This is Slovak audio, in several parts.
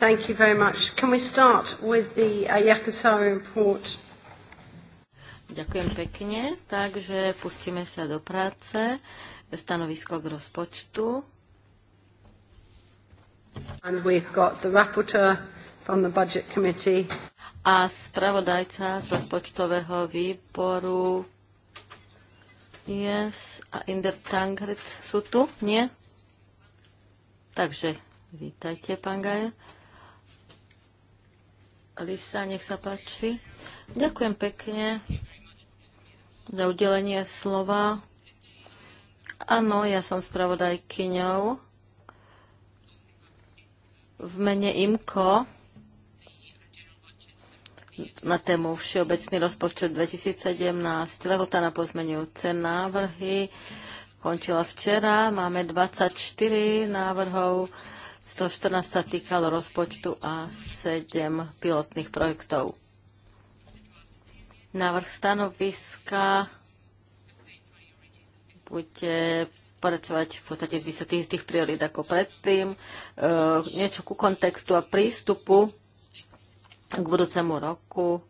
Thank you very much. Can we start with the uh, Yakasari report? Ďakujem pekne. Takže pustíme sa do práce. Stanovisko k rozpočtu. And we've got the rapporteur from the budget committee. A spravodajca z rozpočtového výboru Yes, a Inder Tangret sú tu? Nie? Takže vítajte, pán Gajer. Lisa, nech sa páči. Ďakujem pekne za udelenie slova. Áno, ja som spravodajkyňou v mene IMKO na tému Všeobecný rozpočet 2017. Lehota na pozmenujúce návrhy končila včera. Máme 24 návrhov 114 sa týkalo rozpočtu a 7 pilotných projektov. Návrh stanoviska bude pracovať v podstate z vysvetlých tých priorít ako predtým, e, niečo ku kontextu a prístupu k budúcemu roku.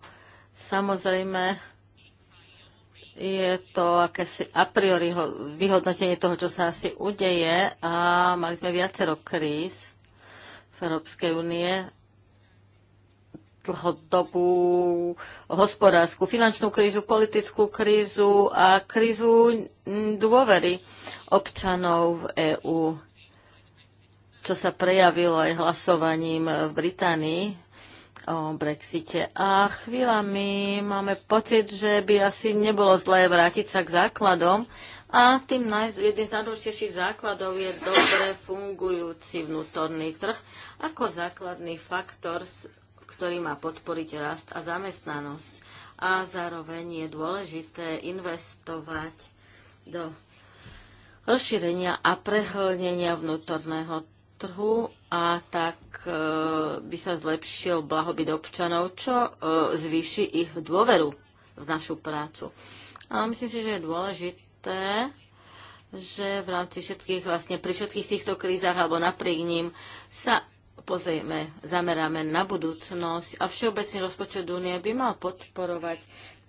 Samozrejme, je to akési a priori vyhodnotenie toho, čo sa asi udeje a mali sme viacero kríz Európskej únie dlhodobú hospodárskú, finančnú krízu, politickú krízu a krízu dôvery občanov v EÚ, čo sa prejavilo aj hlasovaním v Británii o Brexite. A chvíľami máme pocit, že by asi nebolo zlé vrátiť sa k základom a tým jedným z najdôležitejších základov je dobre fungujúci vnútorný trh ako základný faktor, ktorý má podporiť rast a zamestnanosť. A zároveň je dôležité investovať do rozšírenia a prehlnenia vnútorného trhu a tak e, by sa zlepšil blahobyt občanov, čo e, zvýši ich dôveru v našu prácu. A myslím si, že je dôležité, že v rámci všetkých, vlastne pri všetkých týchto krízach alebo napriek ním sa pozrieme, zameráme na budúcnosť a všeobecný rozpočet únie by mal podporovať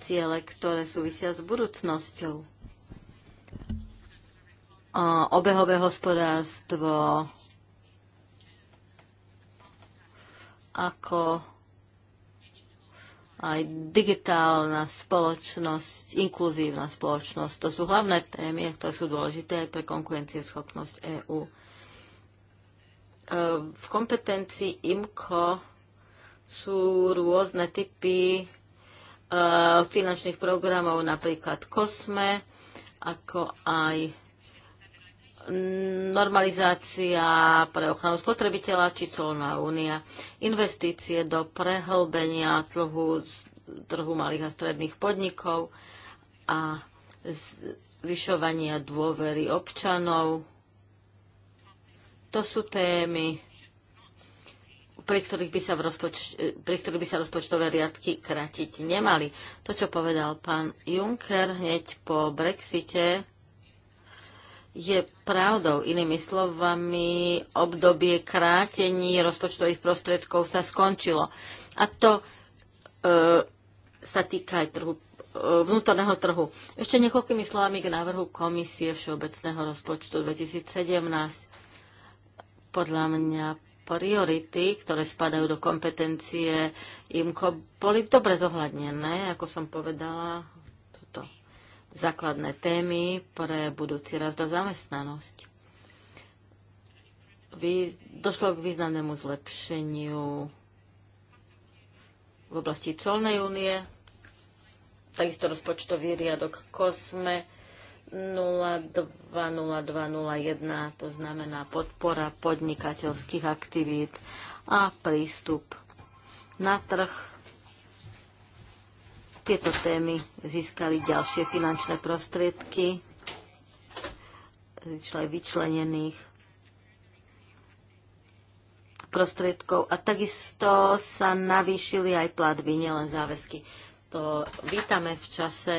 ciele, ktoré súvisia s budúcnosťou. A obehové hospodárstvo, ako aj digitálna spoločnosť, inkluzívna spoločnosť. To sú hlavné témy, ktoré sú dôležité aj pre konkurencieschopnosť EÚ v kompetencii IMCO sú rôzne typy e, finančných programov, napríklad COSME, ako aj normalizácia pre ochranu spotrebiteľa či colná únia, investície do prehlbenia tlhu, trhu malých a stredných podnikov a zvyšovania dôvery občanov to sú témy, pri ktorých, by sa v rozpoč- pri ktorých by sa rozpočtové riadky kratiť nemali. To, čo povedal pán Juncker hneď po Brexite, je pravdou. Inými slovami, obdobie krátení rozpočtových prostriedkov sa skončilo. A to e, sa týka aj trhu, e, vnútorného trhu. Ešte niekoľkými slovami k návrhu Komisie Všeobecného rozpočtu 2017 podľa mňa priority, ktoré spadajú do kompetencie IMCO, boli dobre zohľadnené, ako som povedala, sú to základné témy pre budúci rast a zamestnanosť. Vy, došlo k významnému zlepšeniu v oblasti colnej únie, takisto rozpočtový riadok Kosme, 020201, to znamená podpora podnikateľských aktivít a prístup na trh. Tieto témy získali ďalšie finančné prostriedky, aj vyčlenených prostriedkov a takisto sa navýšili aj platby, nielen záväzky. To vítame v čase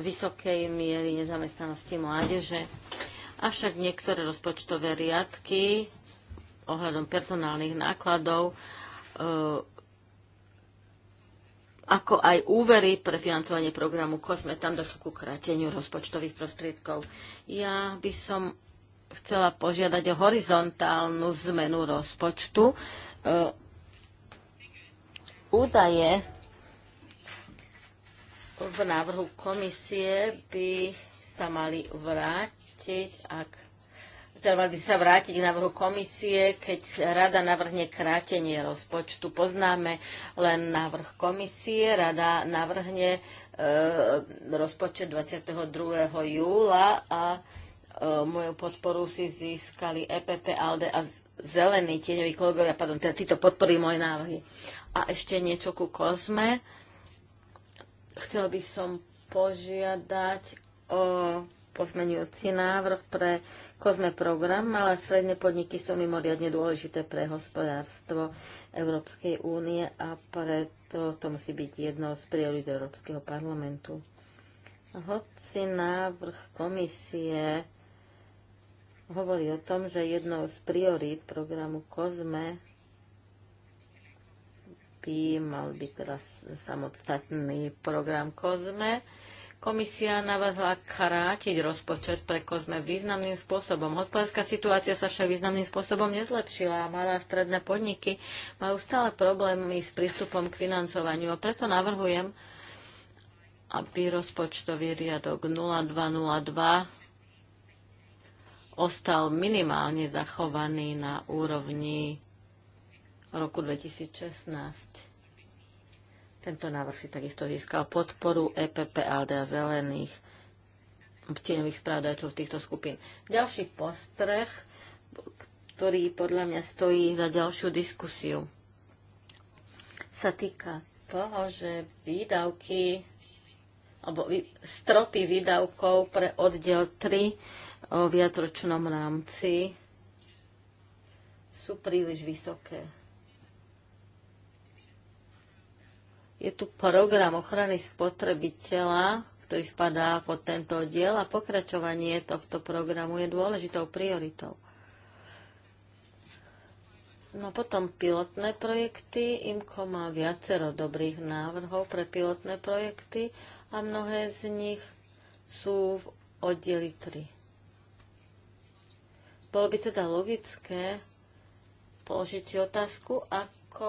vysokej miery nezamestnanosti mládeže. Avšak niektoré rozpočtové riadky ohľadom personálnych nákladov, e, ako aj úvery pre financovanie programu COSME, tam došlo ku krateniu rozpočtových prostriedkov. Ja by som chcela požiadať o horizontálnu zmenu rozpočtu. E, údaje v návrhu komisie by sa mali vrátiť, ak teda mali by sa vrátiť k návrhu komisie, keď rada navrhne krátenie rozpočtu. Poznáme len návrh komisie, rada navrhne e, rozpočet 22. júla a e, moju podporu si získali EPP, ALDE a zelený tieňoví kolegovia, pardon, teda títo podporí moje návrhy. A ešte niečo ku kozme. E, Chcel by som požiadať o pozmenujúci návrh pre kozme program. ale stredné podniky sú mimoriadne dôležité pre hospodárstvo Európskej únie a preto to musí byť jednou z priorít Európskeho parlamentu. Hoci návrh komisie hovorí o tom, že jednou z priorít programu COSME dokopy, mal by teraz samostatný program COSME. Komisia navrhla krátiť rozpočet pre kozme významným spôsobom. Hospodárska situácia sa však významným spôsobom nezlepšila a malé a stredné podniky majú stále problémy s prístupom k financovaniu a preto navrhujem, aby rozpočtový riadok 0202 ostal minimálne zachovaný na úrovni roku 2016. Tento návrh si takisto získal podporu EPP, ALDE a Zelených obtieňových správdajcov týchto skupín. Ďalší postreh, ktorý podľa mňa stojí za ďalšiu diskusiu, sa týka toho, že výdavky alebo stropy výdavkov pre oddiel 3 o viatročnom rámci sú príliš vysoké. Je tu program ochrany spotrebiteľa, ktorý spadá pod tento diel a pokračovanie tohto programu je dôležitou prioritou. No potom pilotné projekty. IMCO má viacero dobrých návrhov pre pilotné projekty a mnohé z nich sú v oddeli 3. Bolo by teda logické položiť si otázku, ak ako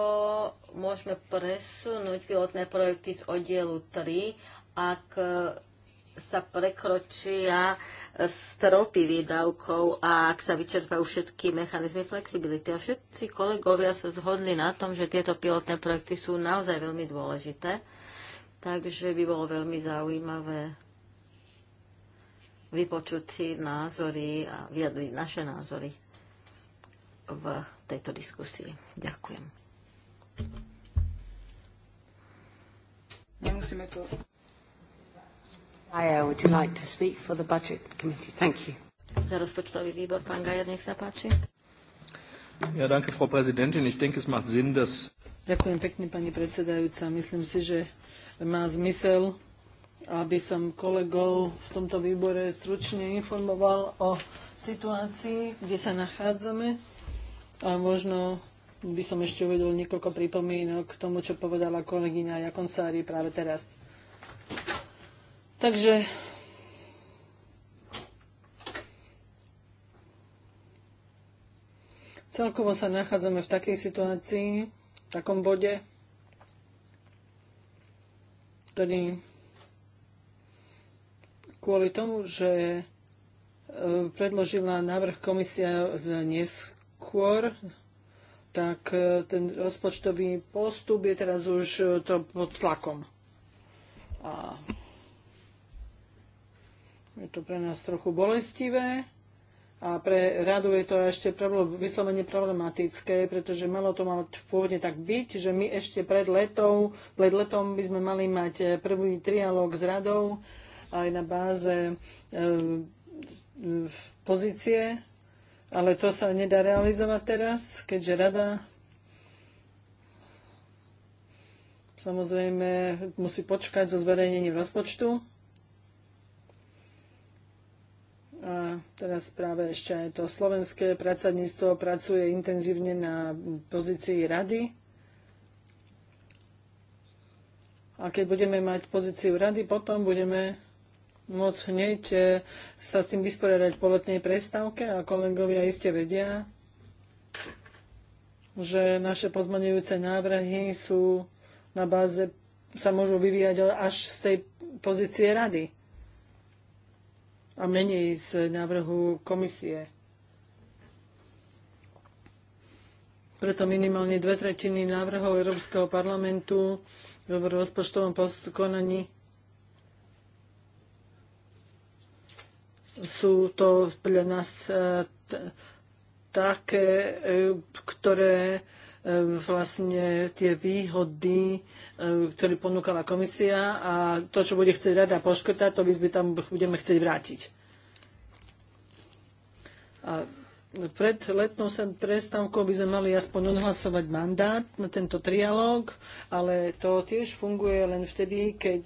môžeme presunúť pilotné projekty z oddielu 3, ak sa prekročia stropy výdavkov a ak sa vyčerpajú všetky mechanizmy flexibility. A všetci kolegovia sa zhodli na tom, že tieto pilotné projekty sú naozaj veľmi dôležité, takže by bolo veľmi zaujímavé vypočuť si názory a vyjadriť naše názory v tejto diskusii. Ďakujem. Nemusíme to... Gaia, would you like to speak for the budget committee? Thank you. Za rozpočtový výbor, pán Gaja, nech sa páči. Ja, danke, Frau Präsidentin. Ich denke, es macht Sinn, dass... Ďakujem pekne, pani predsedajúca. Myslím si, že má zmysel, aby som kolegov v tomto výbore stručne informoval o situácii, kde sa nachádzame a možno by som ešte uvedol niekoľko pripomínok k tomu, čo povedala kolegyňa Jakonsári práve teraz. Takže celkovo sa nachádzame v takej situácii, v takom bode, ktorý kvôli tomu, že e, predložila návrh komisia neskôr, tak e, ten rozpočtový postup je teraz už e, to pod tlakom. A je to pre nás trochu bolestivé a pre radu je to ešte problém, vyslovene problematické, pretože malo to mať pôvodne tak byť, že my ešte pred letou, pred letom by sme mali mať e, prvý trialóg s radou aj na báze e, e, pozície ale to sa nedá realizovať teraz, keďže rada samozrejme musí počkať so zverejnením rozpočtu. A teraz práve ešte aj to slovenské pracadníctvo pracuje intenzívne na pozícii rady. A keď budeme mať pozíciu rady, potom budeme môcť hneď e, sa s tým vysporiadať po letnej prestávke a kolegovia iste vedia, že naše pozmaňujúce návrhy sú na báze, sa môžu vyvíjať až z tej pozície rady a menej z návrhu komisie. Preto minimálne dve tretiny návrhov Európskeho parlamentu v rozpočtovom konaní sú to pre nás e, také, e, ktoré e, vlastne tie výhody, ktoré ponúkala komisia a to, čo bude chcieť rada poškrtať, to by by tam budeme chcieť vrátiť. A pred letnou sem prestávkou by sme mali aspoň odhlasovať mandát na tento trialóg, ale to tiež funguje len vtedy, keď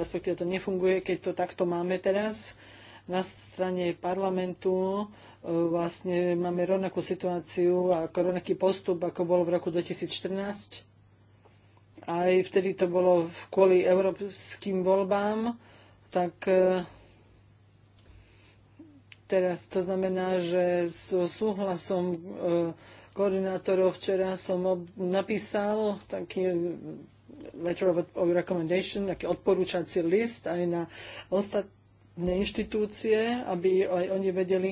respektíve to nefunguje, keď to takto máme teraz, na strane parlamentu e, vlastne máme rovnakú situáciu a rovnaký postup, ako bol v roku 2014. Aj vtedy to bolo kvôli európskym voľbám, tak e, teraz to znamená, že s súhlasom e, koordinátorov včera som napísal taký letter of recommendation, taký odporúčací list aj na ostatné inštitúcie, aby aj oni vedeli,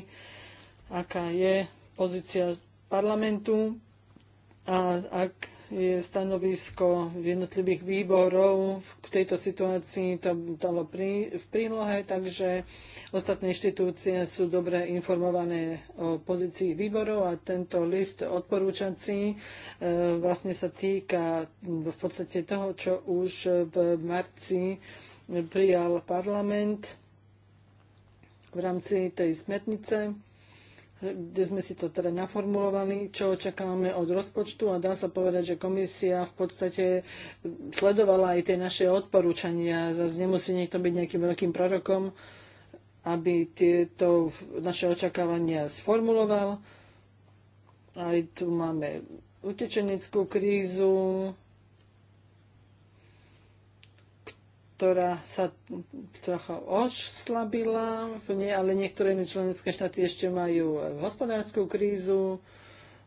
aká je pozícia parlamentu a ak je stanovisko jednotlivých výborov k tejto situácii, to dalo v prílohe, takže ostatné inštitúcie sú dobre informované o pozícii výborov a tento list odporúčací e, vlastne sa týka v podstate toho, čo už v marci prijal parlament v rámci tej smetnice, kde sme si to teda naformulovali, čo očakávame od rozpočtu a dá sa povedať, že komisia v podstate sledovala aj tie naše odporúčania. Zase nemusí niekto byť nejakým veľkým prorokom, aby tieto naše očakávania sformuloval. Aj tu máme utečeneckú krízu, ktorá sa trocha oslabila, ale niektoré členské štáty ešte majú hospodárskú krízu,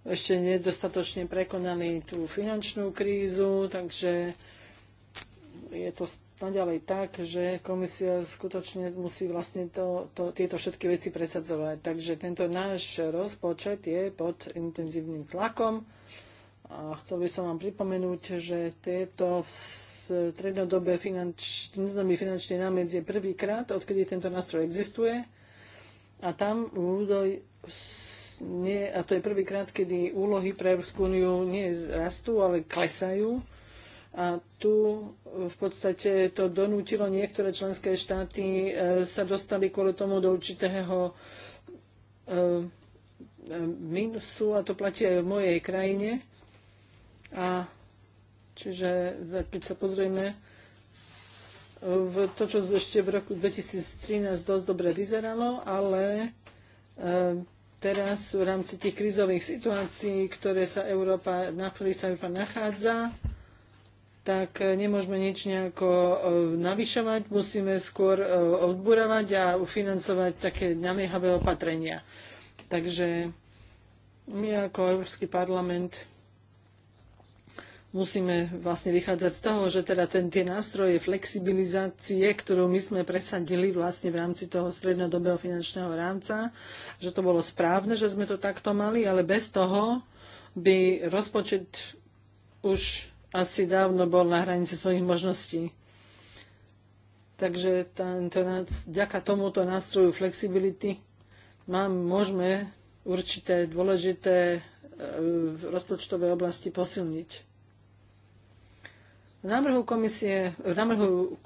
ešte nedostatočne prekonali tú finančnú krízu, takže je to naďalej tak, že komisia skutočne musí vlastne to, to, tieto všetky veci presadzovať. Takže tento náš rozpočet je pod intenzívnym tlakom a chcel by som vám pripomenúť, že tieto strednodobé finanč, strednodobý finančný je prvýkrát, odkedy tento nástroj existuje. A tam údaj nie, a to je prvýkrát, kedy úlohy pre Európsku úniu nie rastú, ale klesajú. A tu v podstate to donútilo niektoré členské štáty, e, sa dostali kvôli tomu do určitého e, e, minusu a to platí aj v mojej krajine. A Čiže keď sa pozrieme, v to, čo ešte v roku 2013 dosť dobre vyzeralo, ale e, teraz v rámci tých krizových situácií, ktoré sa Európa, na ktorých sa Európa nachádza, tak nemôžeme nič nejako e, navyšovať, musíme skôr e, odburovať a ufinancovať také naliehavé opatrenia. Takže my ako Európsky parlament musíme vlastne vychádzať z toho, že teda ten, tie nástroje flexibilizácie, ktorú my sme presadili vlastne v rámci toho strednodobého finančného rámca, že to bolo správne, že sme to takto mali, ale bez toho by rozpočet už asi dávno bol na hranici svojich možností. Takže tento, vďaka tomuto nástroju flexibility mám, môžeme určité dôležité v e, rozpočtovej oblasti posilniť. V návrhu komisie, v návrhu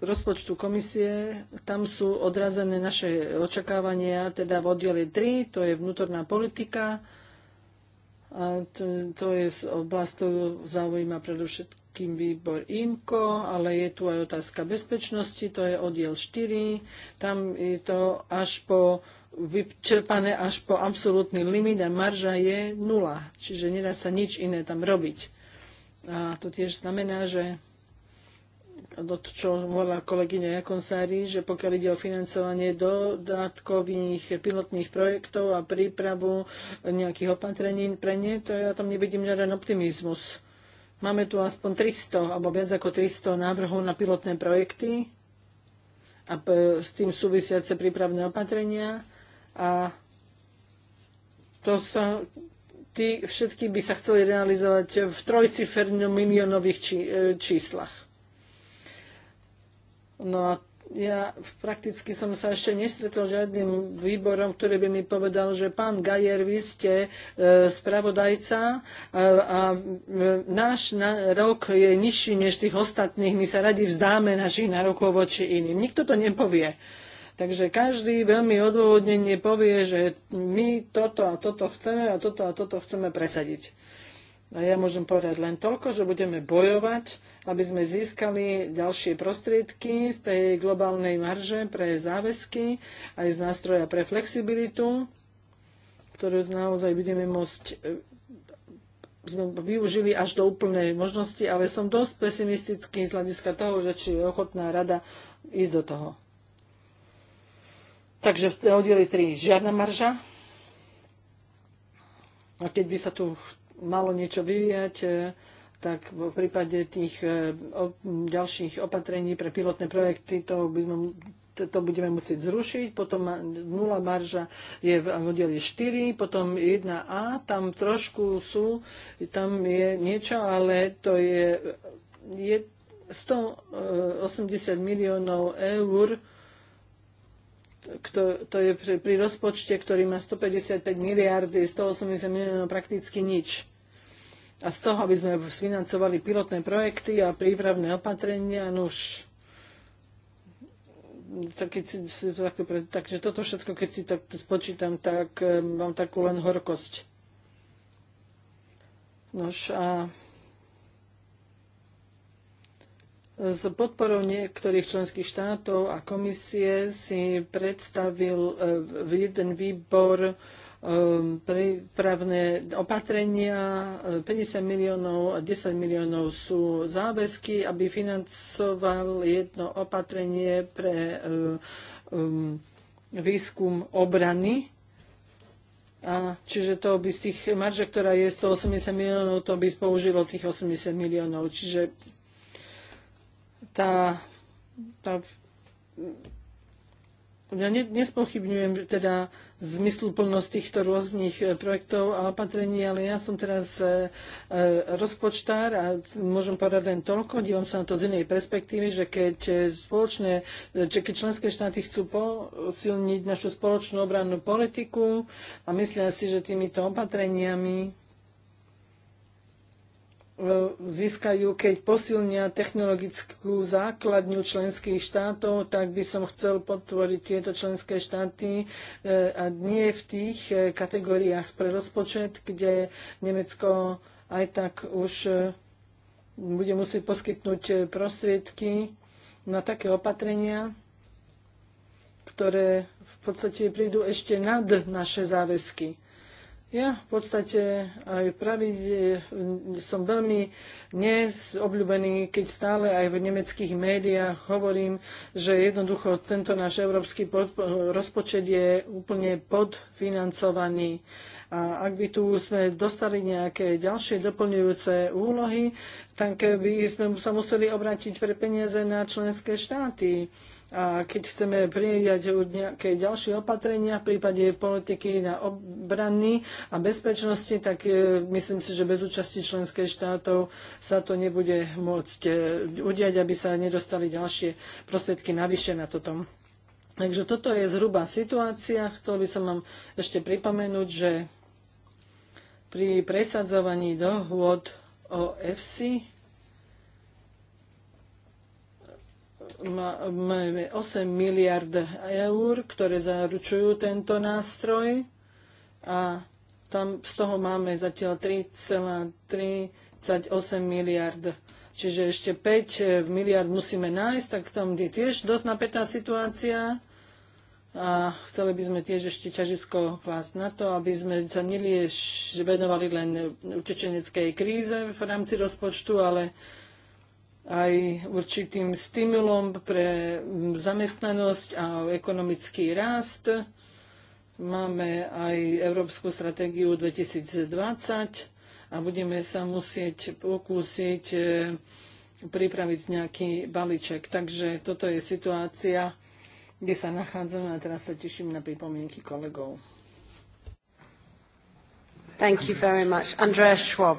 rozpočtu komisie, tam sú odrazené naše očakávania, teda v oddiele 3, to je vnútorná politika, a to, to je oblasť, ktorú zaujíma predovšetkým výbor IMKO, ale je tu aj otázka bezpečnosti, to je oddiel 4. Tam je to až po vyčerpané až po absolútny limit a marža je nula, čiže nedá sa nič iné tam robiť. A to tiež znamená, že to, čo volá kolegyňa Jakonsári, že pokiaľ ide o financovanie dodatkových pilotných projektov a prípravu nejakých opatrení pre ne, to ja tam nevidím žiaden optimizmus. Máme tu aspoň 300, alebo viac ako 300 návrhov na pilotné projekty a s tým súvisiace prípravné opatrenia a to sa tí všetky by sa chceli realizovať v trojcifernom miliónových či, e, číslach. No a ja prakticky som sa ešte nestretol žiadnym výborom, ktorý by mi povedal, že pán Gajer, vy ste e, spravodajca e, a, a e, náš na rok je nižší než tých ostatných, my sa radi vzdáme našich nárokov voči iným. Nikto to nepovie. E, Takže každý veľmi odôvodnenie povie, že my toto a toto chceme a toto a toto chceme presadiť. A ja môžem povedať len toľko, že budeme bojovať, aby sme získali ďalšie prostriedky z tej globálnej marže pre záväzky, aj z nástroja pre flexibilitu, ktorú naozaj budeme môcť e, sme využili až do úplnej možnosti, ale som dosť pesimistický z hľadiska toho, že či je ochotná rada ísť do toho. Takže v oddeli 3 žiadna marža. A keď by sa tu malo niečo vyvíjať, e, tak v prípade tých e, ďalších opatrení pre pilotné projekty to, by sme, to budeme musieť zrušiť. Potom nula marža je v oddeli 4, potom 1A, tam trošku sú, tam je niečo, ale to je, je 180 e, miliónov eur kto, to je pri, pri rozpočte, ktorý má 155 miliardy, 180 miliónov no prakticky nič. A z toho, aby sme financovali pilotné projekty a prípravné opatrenia, no už tak si, si takže toto všetko, keď si tak spočítam, tak eh, mám takú len horkosť. Nož a S podporou niektorých členských štátov a komisie si predstavil e, jeden výbor e, prípravné opatrenia, 50 e, miliónov a 10 miliónov sú záväzky, aby financoval jedno opatrenie pre výskum obrany. A čiže to by z tých marža, ktorá je 180 miliónov, to by použilo tých 80 miliónov. Čiže tá, tá ja nespochybňujem teda zmysluplnosť týchto rôznych e, projektov a opatrení, ale ja som teraz e, e, rozpočtár a môžem povedať len toľko, dívam sa na to z inej perspektívy, že keď spoločné, že keď členské štáty chcú posilniť našu spoločnú obrannú politiku a myslia si, že týmito opatreniami získajú, keď posilnia technologickú základňu členských štátov, tak by som chcel podporiť tieto členské štáty eh, a nie v tých eh, kategóriách pre rozpočet, kde Nemecko aj tak už eh, bude musieť poskytnúť prostriedky na také opatrenia, ktoré v podstate prídu ešte nad naše záväzky. Ja v podstate aj pravide, som veľmi obľúbený, keď stále aj v nemeckých médiách hovorím, že jednoducho tento náš európsky rozpočet je úplne podfinancovaný. A ak by tu sme dostali nejaké ďalšie doplňujúce úlohy, tak by sme sa museli obrátiť pre peniaze na členské štáty. A keď chceme prijať nejaké ďalšie opatrenia v prípade politiky na obrany a bezpečnosti, tak e, myslím si, že bez účasti členských štátov sa to nebude môcť e, udiať, aby sa nedostali ďalšie prostriedky navyše na toto. Takže toto je zhruba situácia. Chcel by som vám ešte pripomenúť, že pri presadzovaní dohôd o EFSI máme 8 miliard eur, ktoré zaručujú tento nástroj a tam z toho máme zatiaľ 3,38 miliard. Čiže ešte 5 eh, miliard musíme nájsť, tak tam je tiež dosť napätá situácia. A chceli by sme tiež ešte ťažisko klásť na to, aby sme sa nelieš venovali len utečeneckej kríze v rámci rozpočtu, ale aj určitým stimulom pre zamestnanosť a ekonomický rast. Máme aj Európsku stratégiu 2020 a budeme sa musieť pokúsiť e, pripraviť nejaký balíček. Takže toto je situácia, kde sa nachádzame a teraz sa teším na pripomienky kolegov. Thank you very much. Andreas Schwab.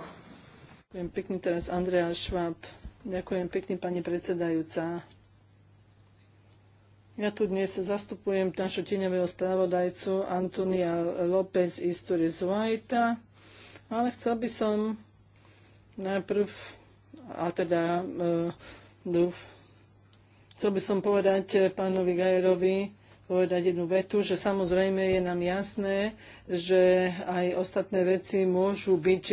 Ďakujem pekne teraz Andreas Schwab. Ďakujem pekne, pani predsedajúca. Ja tu dnes zastupujem našu tieňového správodajcu Antonia López Isturiz White, ale chcel by som najprv, a teda e, chcel by som povedať pánovi Gajerovi, povedať jednu vetu, že samozrejme je nám jasné, že aj ostatné veci môžu byť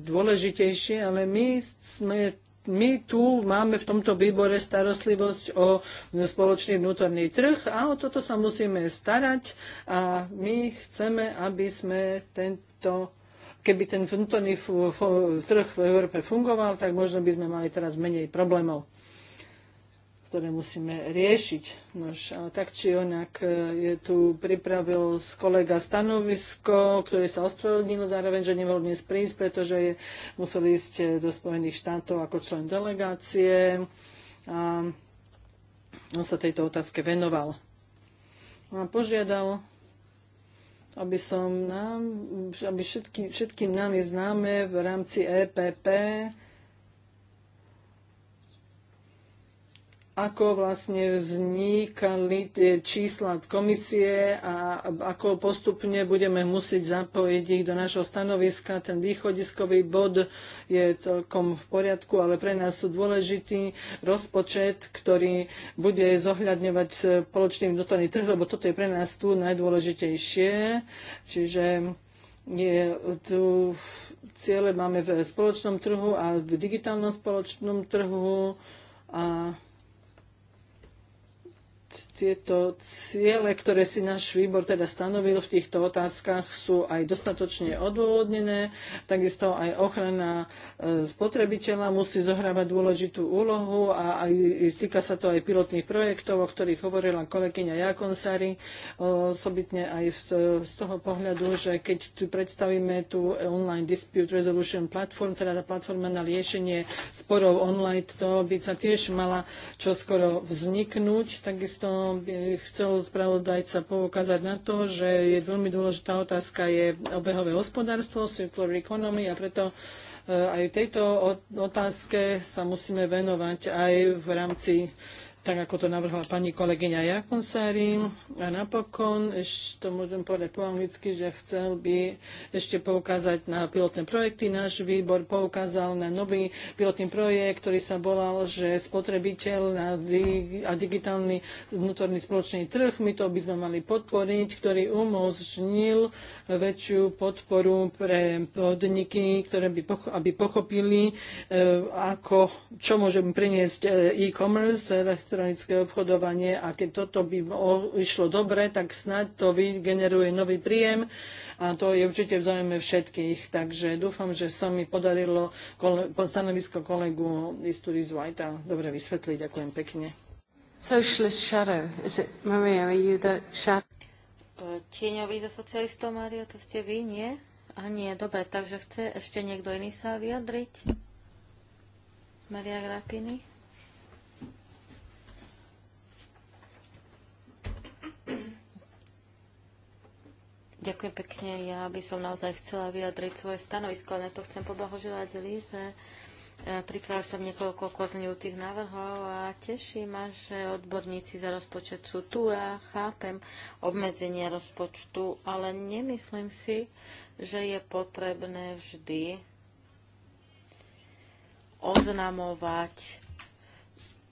dôležitejšie, ale my sme my tu máme v tomto výbore starostlivosť o spoločný vnútorný trh a o toto sa musíme starať a my chceme, aby sme tento keby ten vnútorný trh v Európe fungoval, tak možno by sme mali teraz menej problémov ktoré musíme riešiť. Nož, ale tak či onak e, je tu pripravil z kolega stanovisko, ktoré sa ospravedlnilo zároveň, že nemohol dnes prísť, pretože je, musel ísť e, do Spojených štátov ako člen delegácie. A on sa tejto otázke venoval. A požiadal, aby, som nám, aby všetky, všetkým nám je známe v rámci EPP, ako vlastne vznikali tie čísla komisie a ako postupne budeme musieť zapojiť ich do našho stanoviska. Ten východiskový bod je celkom v poriadku, ale pre nás sú dôležitý rozpočet, ktorý bude zohľadňovať spoločný vnútorný trh, lebo toto je pre nás tu najdôležitejšie. Čiže je, tu ciele máme v spoločnom trhu a v digitálnom spoločnom trhu a tieto ciele, ktoré si náš výbor teda stanovil v týchto otázkach, sú aj dostatočne odôvodnené. Takisto aj ochrana e, spotrebiteľa musí zohrávať dôležitú úlohu a aj, týka sa to aj pilotných projektov, o ktorých hovorila kolegyňa Jakonsari, osobitne aj z toho pohľadu, že keď tu predstavíme tú online dispute resolution platform, teda tá platforma na liešenie sporov online, to by sa tiež mala čoskoro vzniknúť. Takisto som chcel spravodajca poukázať na to, že je veľmi dôležitá otázka je obehové hospodárstvo, circular economy a preto e, aj tejto otázke sa musíme venovať aj v rámci tak ako to navrhla pani kolegyňa Jakonsári. A napokon, ešte to môžem povedať po anglicky, že chcel by ešte poukázať na pilotné projekty. Náš výbor poukázal na nový pilotný projekt, ktorý sa volal, že spotrebiteľ a digitálny vnútorný spoločný trh, my to by sme mali podporiť, ktorý umožnil väčšiu podporu pre podniky, ktoré by, pocho aby pochopili, e, ako, čo môžeme priniesť e, e-commerce, e, elektronické obchodovanie a keď toto by išlo dobre, tak snáď to vygeneruje nový príjem a to je určite v záujme všetkých. Takže dúfam, že sa mi podarilo kole- stanovisko kolegu Isturi Zvajta dobre vysvetliť. Ďakujem pekne. Socialist shadow. Is it Maria? Are you the shadow? E, Tieňový za socialistov, Mario, to ste vy, nie? A nie, dobre, takže chce ešte niekto iný sa vyjadriť? Maria Grapini? Ďakujem pekne. Ja by som naozaj chcela vyjadriť svoje stanovisko, ale to chcem poblahoželať Líze. E, Pripravil som niekoľko tých návrhov a teší ma, že odborníci za rozpočet sú tu. Ja chápem obmedzenie rozpočtu, ale nemyslím si, že je potrebné vždy oznamovať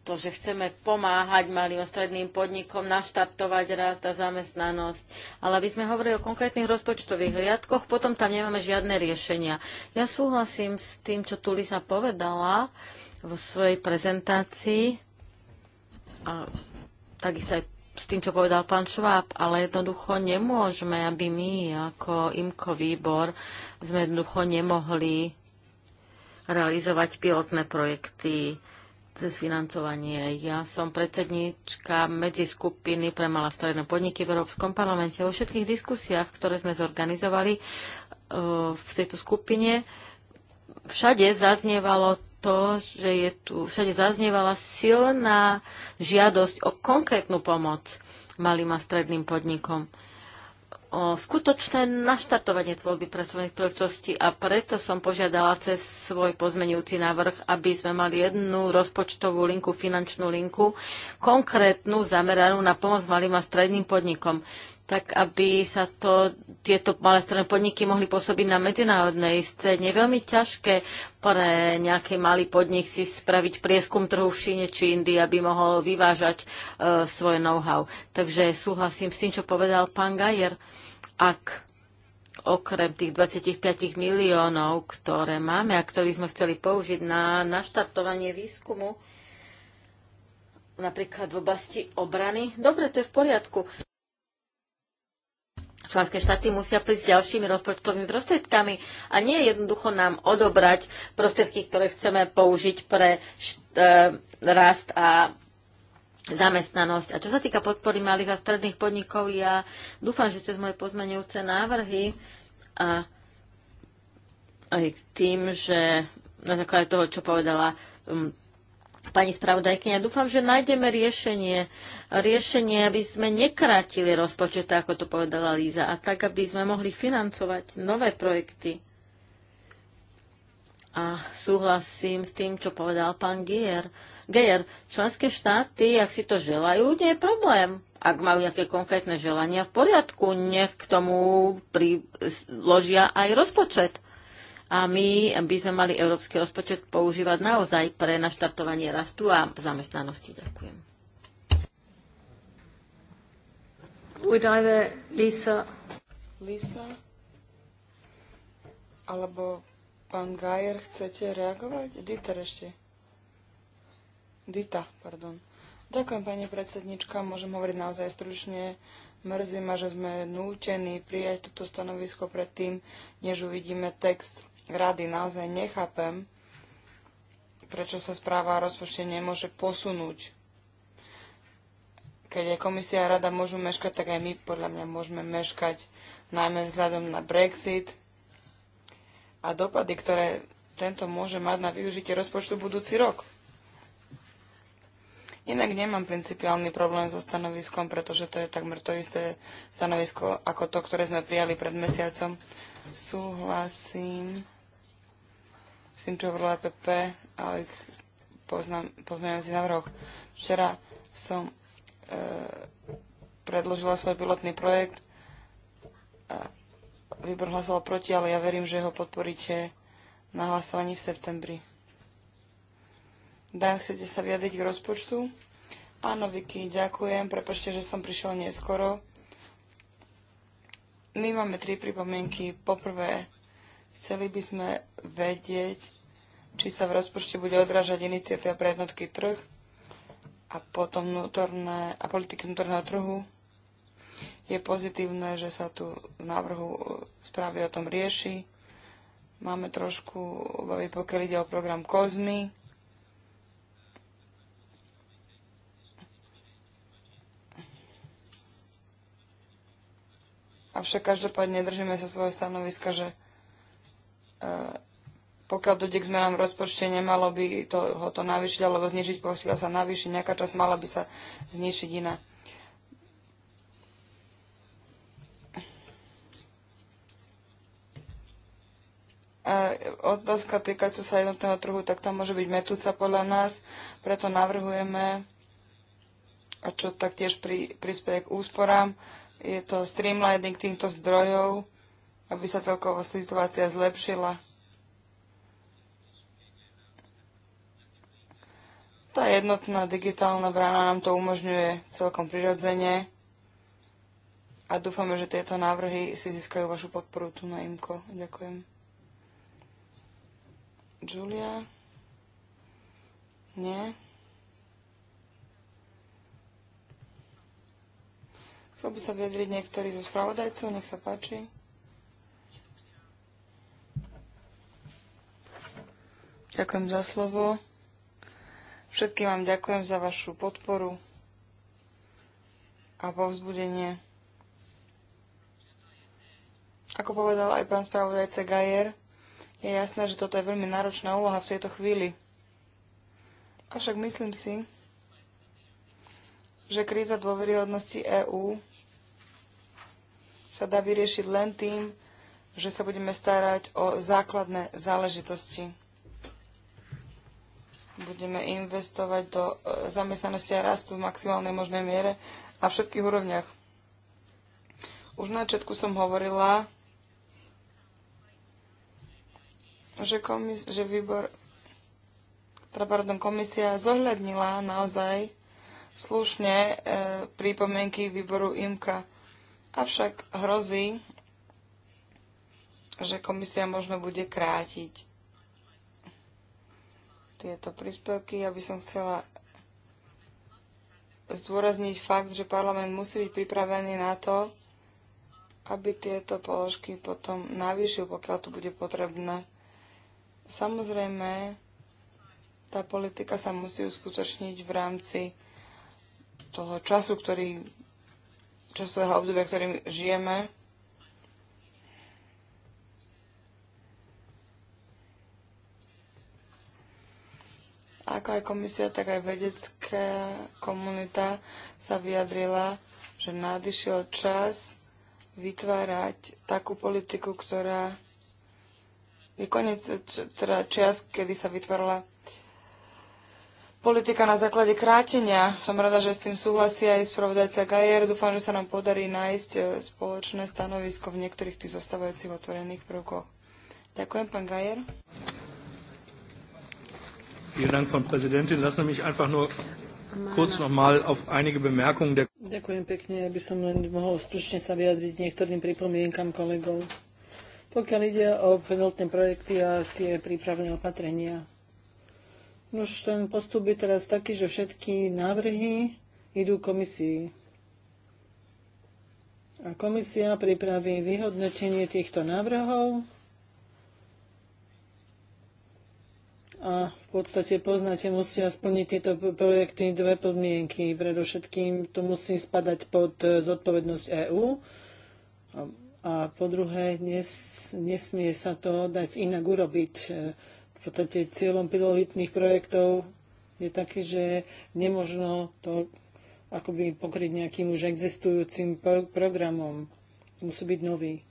to, že chceme pomáhať malým stredným podnikom naštartovať rast a zamestnanosť. Ale aby sme hovorili o konkrétnych rozpočtových riadkoch, potom tam nemáme žiadne riešenia. Ja súhlasím s tým, čo tu Lisa povedala vo svojej prezentácii a takisto aj s tým, čo povedal pán Šváb, ale jednoducho nemôžeme, aby my ako IMKO výbor sme jednoducho nemohli realizovať pilotné projekty cez financovanie. Ja som predsednička medzi skupiny pre malá stredné podniky v Európskom parlamente. Vo všetkých diskusiách, ktoré sme zorganizovali e, v tejto skupine, všade zaznievalo to, že je tu, všade zaznievala silná žiadosť o konkrétnu pomoc malým a stredným podnikom o skutočné naštartovanie tvorby pracovných príležitostí a preto som požiadala cez svoj pozmenujúci návrh, aby sme mali jednu rozpočtovú linku, finančnú linku, konkrétnu, zameranú na pomoc malým a stredným podnikom tak aby sa to, tieto malé strany podniky mohli pôsobiť na medzinárodnej scéne. Je veľmi ťažké pre nejaký malý podnik si spraviť prieskum trhu v Číne či Indii, aby mohol vyvážať e, svoje know-how. Takže súhlasím s tým, čo povedal pán Gajer. Ak okrem tých 25 miliónov, ktoré máme a ktorý sme chceli použiť na naštartovanie výskumu, napríklad v oblasti obrany, dobre, to je v poriadku členské štáty musia prísť s ďalšími rozpočtovými prostriedkami a nie je jednoducho nám odobrať prostriedky, ktoré chceme použiť pre e, rast a zamestnanosť. A čo sa týka podpory malých a stredných podnikov, ja dúfam, že cez moje pozmenujúce návrhy a aj tým, že na základe toho, čo povedala um, pani ja Dúfam, že nájdeme riešenie, riešenie, aby sme nekrátili rozpočet, ako to povedala Líza, a tak, aby sme mohli financovať nové projekty. A súhlasím s tým, čo povedal pán Geyer. Geyer, členské štáty, ak si to želajú, nie je problém. Ak majú nejaké konkrétne želania, v poriadku, nech k tomu priložia aj rozpočet a my by sme mali európsky rozpočet používať naozaj pre naštartovanie rastu a zamestnanosti. Ďakujem. Would either Lisa... Lisa? Alebo pán Gajer, chcete reagovať? Dieter ešte. Dita, pardon. Ďakujem, pani predsednička. Môžem hovoriť naozaj stručne. Mrzí ma, že sme nútení prijať toto stanovisko predtým, než uvidíme text rady. Naozaj nechápem, prečo sa správa o rozpočte nemôže posunúť. Keď je komisia a rada môžu meškať, tak aj my podľa mňa môžeme meškať, najmä vzhľadom na Brexit a dopady, ktoré tento môže mať na využitie rozpočtu budúci rok. Inak nemám principiálny problém so stanoviskom, pretože to je takmer to isté stanovisko ako to, ktoré sme prijali pred mesiacom. Súhlasím s tým, čo hovorila PP a ich si návrhoch. Včera som e, predložila svoj pilotný projekt. A výbor hlasoval proti, ale ja verím, že ho podporíte na hlasovaní v septembri. Dan, chcete sa vyjadriť k rozpočtu? Áno, Vicky, ďakujem. Prepačte, že som prišiel neskoro. My máme tri pripomienky. Poprvé, Chceli by sme vedieť, či sa v rozpočte bude odrážať iniciatíva pre jednotky trh a potom vnútorné, a politiky vnútorného trhu. Je pozitívne, že sa tu v návrhu e, správy o tom rieši. Máme trošku obavy, pokiaľ ide o program COSMI. Avšak každopádne držíme sa svojho stanoviska, že pokiaľ dojde k zmenám rozpočte, nemalo by to, ho to navýšiť alebo znižiť, posiela sa navýšiť, nejaká časť mala by sa znišiť iná. Otázka týkajúca sa jednotného trhu, tak tam môže byť metúca podľa nás, preto navrhujeme, a čo taktiež pri, prispieje k úsporám, je to streamlining týchto zdrojov, aby sa celková situácia zlepšila. Tá jednotná digitálna brána nám to umožňuje celkom prirodzene a dúfame, že tieto návrhy si získajú vašu podporu tu na IMKO. Ďakujem. Julia? Nie? Chcel by sa vyjadriť niektorý zo spravodajcov, nech sa páči. Ďakujem za slovo. Všetkým vám ďakujem za vašu podporu a povzbudenie. Ako povedal aj pán spravodajca Gajer, je jasné, že toto je veľmi náročná úloha v tejto chvíli. Avšak myslím si, že kríza dôveryhodnosti EÚ sa dá vyriešiť len tým, že sa budeme starať o základné záležitosti budeme investovať do e, zamestnanosti a rastu v maximálnej možnej miere na všetkých úrovniach. Už na začiatku som hovorila, že, komis- že výbor, teda pardon, komisia zohľadnila naozaj slušne e, prípomienky výboru IMKA. Avšak hrozí, že komisia možno bude krátiť tieto príspevky. Ja by som chcela zdôrazniť fakt, že parlament musí byť pripravený na to, aby tieto položky potom navýšil, pokiaľ to bude potrebné. Samozrejme, tá politika sa musí uskutočniť v rámci toho času, ktorý, časového obdobia, ktorým žijeme. Ako aj komisia, tak aj vedecká komunita sa vyjadrila, že nadišiel čas vytvárať takú politiku, ktorá je koniec teda čias, kedy sa vytvorila politika na základe krátenia. Som rada, že s tým súhlasí aj spravodajca Gajer. Dúfam, že sa nám podarí nájsť e, spoločné stanovisko v niektorých tých zostávajúcich otvorených prvkoch. Ďakujem, pán Gajer. Vielen Dank, Frau Präsidentin. Lassen Sie mich einfach nur kurz auf einige Bemerkungen der... Ďakujem pekne, aby som len mohol stručne sa vyjadriť niektorým pripomienkam kolegov. Pokiaľ ide o penultné projekty a tie prípravné opatrenia. už ten postup je teraz taký, že všetky návrhy idú komisii. A komisia pripraví vyhodnotenie týchto návrhov a v podstate poznáte, musia splniť tieto projekty dve podmienky. Predovšetkým to musí spadať pod e, zodpovednosť EÚ a, a po druhé nes, nesmie sa to dať inak urobiť. E, v podstate cieľom pilotných projektov je taký, že nemožno to akoby pokryť nejakým už existujúcim pro- programom. Musí byť nový.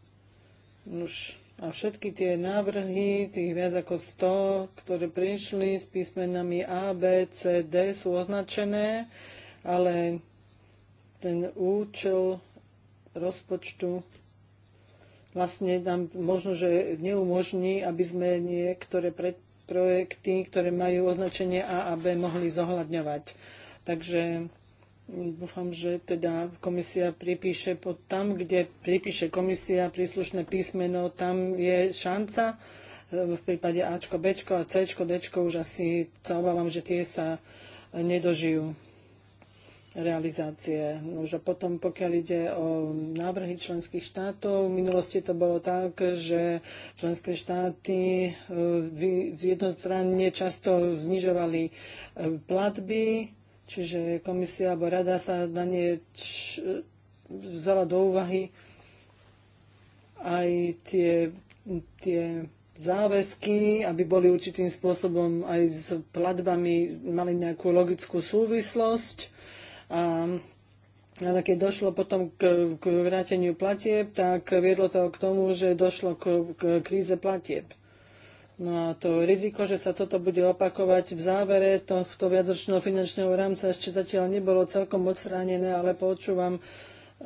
Už a všetky tie návrhy, tých viac ako 100, ktoré prišli s písmenami A, B, C, D, sú označené, ale ten účel rozpočtu vlastne nám možno, že neumožní, aby sme niektoré pred projekty, ktoré majú označenie A a B, mohli zohľadňovať. Takže Dúfam, že teda komisia pripíše pod tam, kde pripíše komisia príslušné písmeno, tam je šanca. V prípade Ačko, Bčko a Cčko, Dčko už asi sa obávam, že tie sa nedožijú realizácie. Nože potom, pokiaľ ide o návrhy členských štátov, v minulosti to bolo tak, že členské štáty eh, z jednostranne často znižovali eh, platby Čiže komisia alebo rada sa na nie vzala do úvahy aj tie, tie záväzky, aby boli určitým spôsobom aj s platbami, mali nejakú logickú súvislosť. A, ale keď došlo potom k, k vráteniu platieb, tak viedlo to k tomu, že došlo k, k kríze platieb. No a to riziko, že sa toto bude opakovať v závere tohto viacročného finančného rámca ešte zatiaľ nebolo celkom odstránené, ale počúvam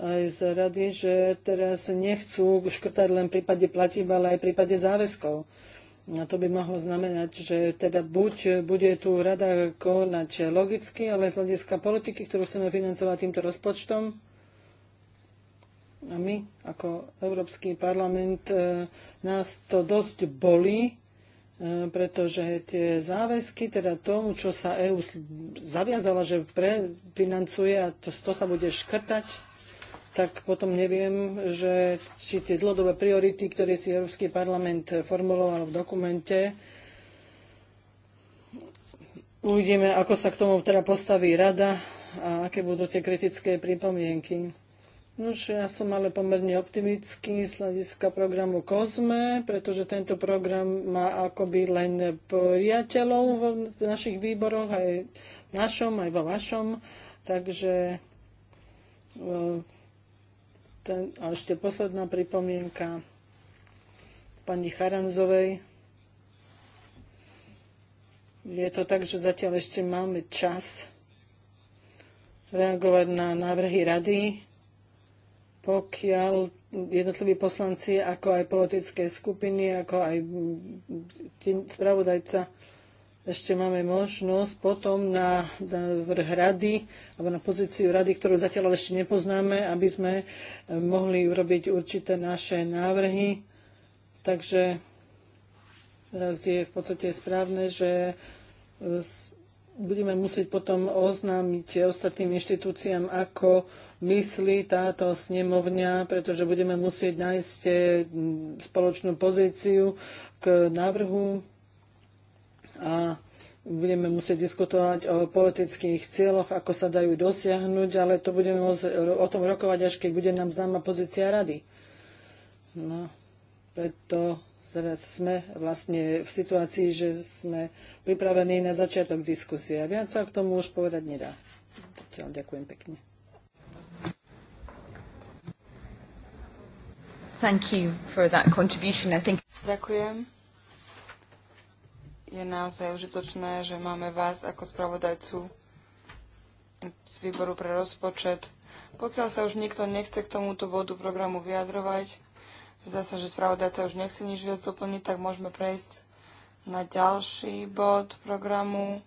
aj z rady, že teraz nechcú škrtať len v prípade platieb, ale aj v prípade záväzkov. A to by mohlo znamenať, že teda buď bude tu rada konať logicky, ale z hľadiska politiky, ktorú chceme financovať týmto rozpočtom, a my ako Európsky parlament, e, nás to dosť bolí, E, pretože tie záväzky, teda tomu, čo sa EÚ zaviazala, že prefinancuje a to, to sa bude škrtať, tak potom neviem, že, či tie dlhodobé priority, ktoré si Európsky parlament formuloval v dokumente, uvidíme, ako sa k tomu teda postaví rada a aké budú tie kritické pripomienky. Nož, ja som ale pomerne optimický z hľadiska programu COSME, pretože tento program má akoby len priateľov v našich výboroch, aj v našom, aj vo vašom. Takže e, ten, a ešte posledná pripomienka pani Charanzovej. Je to tak, že zatiaľ ešte máme čas reagovať na návrhy rady pokiaľ jednotliví poslanci, ako aj politické skupiny, ako aj spravodajca, ešte máme možnosť potom na, na vrh rady alebo na pozíciu rady, ktorú zatiaľ ešte nepoznáme, aby sme eh, mohli urobiť určité naše návrhy. Takže teraz je v podstate správne, že eh, budeme musieť potom oznámiť ostatným inštitúciám, ako myslí táto snemovňa, pretože budeme musieť nájsť eh, spoločnú pozíciu k návrhu a budeme musieť diskutovať o politických cieľoch, ako sa dajú dosiahnuť, ale to budeme o tom rokovať, až keď bude nám známa pozícia rady. No, preto teraz sme vlastne v situácii, že sme pripravení na začiatok diskusie. A viac sa k tomu už povedať nedá. Zatiaľ ďakujem pekne. Thank you for that contribution. I think... Ďakujem. Je naozaj užitočné, že máme vás ako spravodajcu z výboru pre rozpočet. Pokiaľ sa už nikto nechce k tomuto bodu programu vyjadrovať, Zdá sa, že spravodajca už nechce nič viac doplniť, tak môžeme prejsť na ďalší bod programu.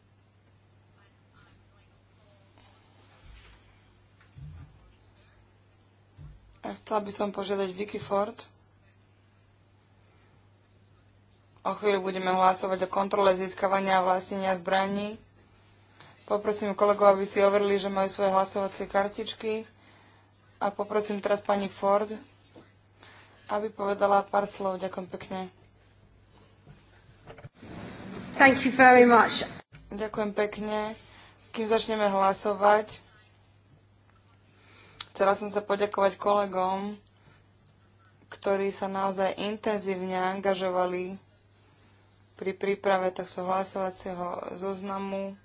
A chcela by som požiadať Vicky Ford. O chvíľu budeme hlasovať o kontrole získavania a vlastnenia zbraní. Poprosím kolegov, aby si overili, že majú svoje hlasovacie kartičky. A poprosím teraz pani Ford, aby povedala pár slov. Ďakujem pekne. Thank you very much. Ďakujem pekne. Kým začneme hlasovať, chcela som sa poďakovať kolegom, ktorí sa naozaj intenzívne angažovali pri príprave tohto hlasovacieho zoznamu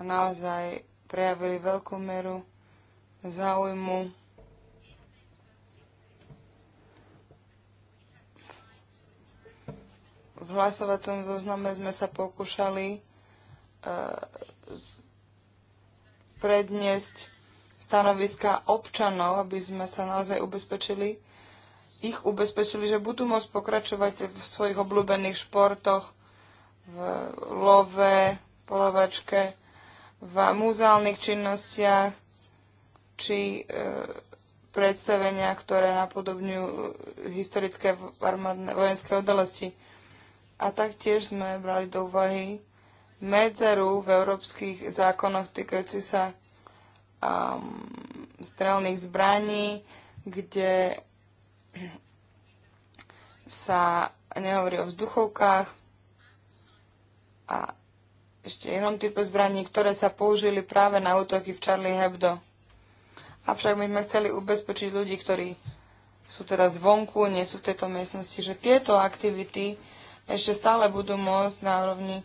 a naozaj prejavili veľkú meru záujmu V hlasovacom zozname sme sa pokúšali e, predniesť stanoviska občanov, aby sme sa naozaj ubezpečili, ich ubezpečili, že budú môcť pokračovať v svojich obľúbených športoch, v love, polovačke, v múzeálnych činnostiach či e, predstavenia, ktoré napodobňujú historické armádne vojenské odalosti a taktiež sme brali do úvahy medzeru v európskych zákonoch týkajúci sa um, strelných zbraní, kde sa nehovorí o vzduchovkách a ešte inom type zbraní, ktoré sa použili práve na útoky v Charlie Hebdo. Avšak my sme chceli ubezpečiť ľudí, ktorí sú teda zvonku, nie sú v tejto miestnosti, že tieto aktivity ešte stále budú môcť na úrovni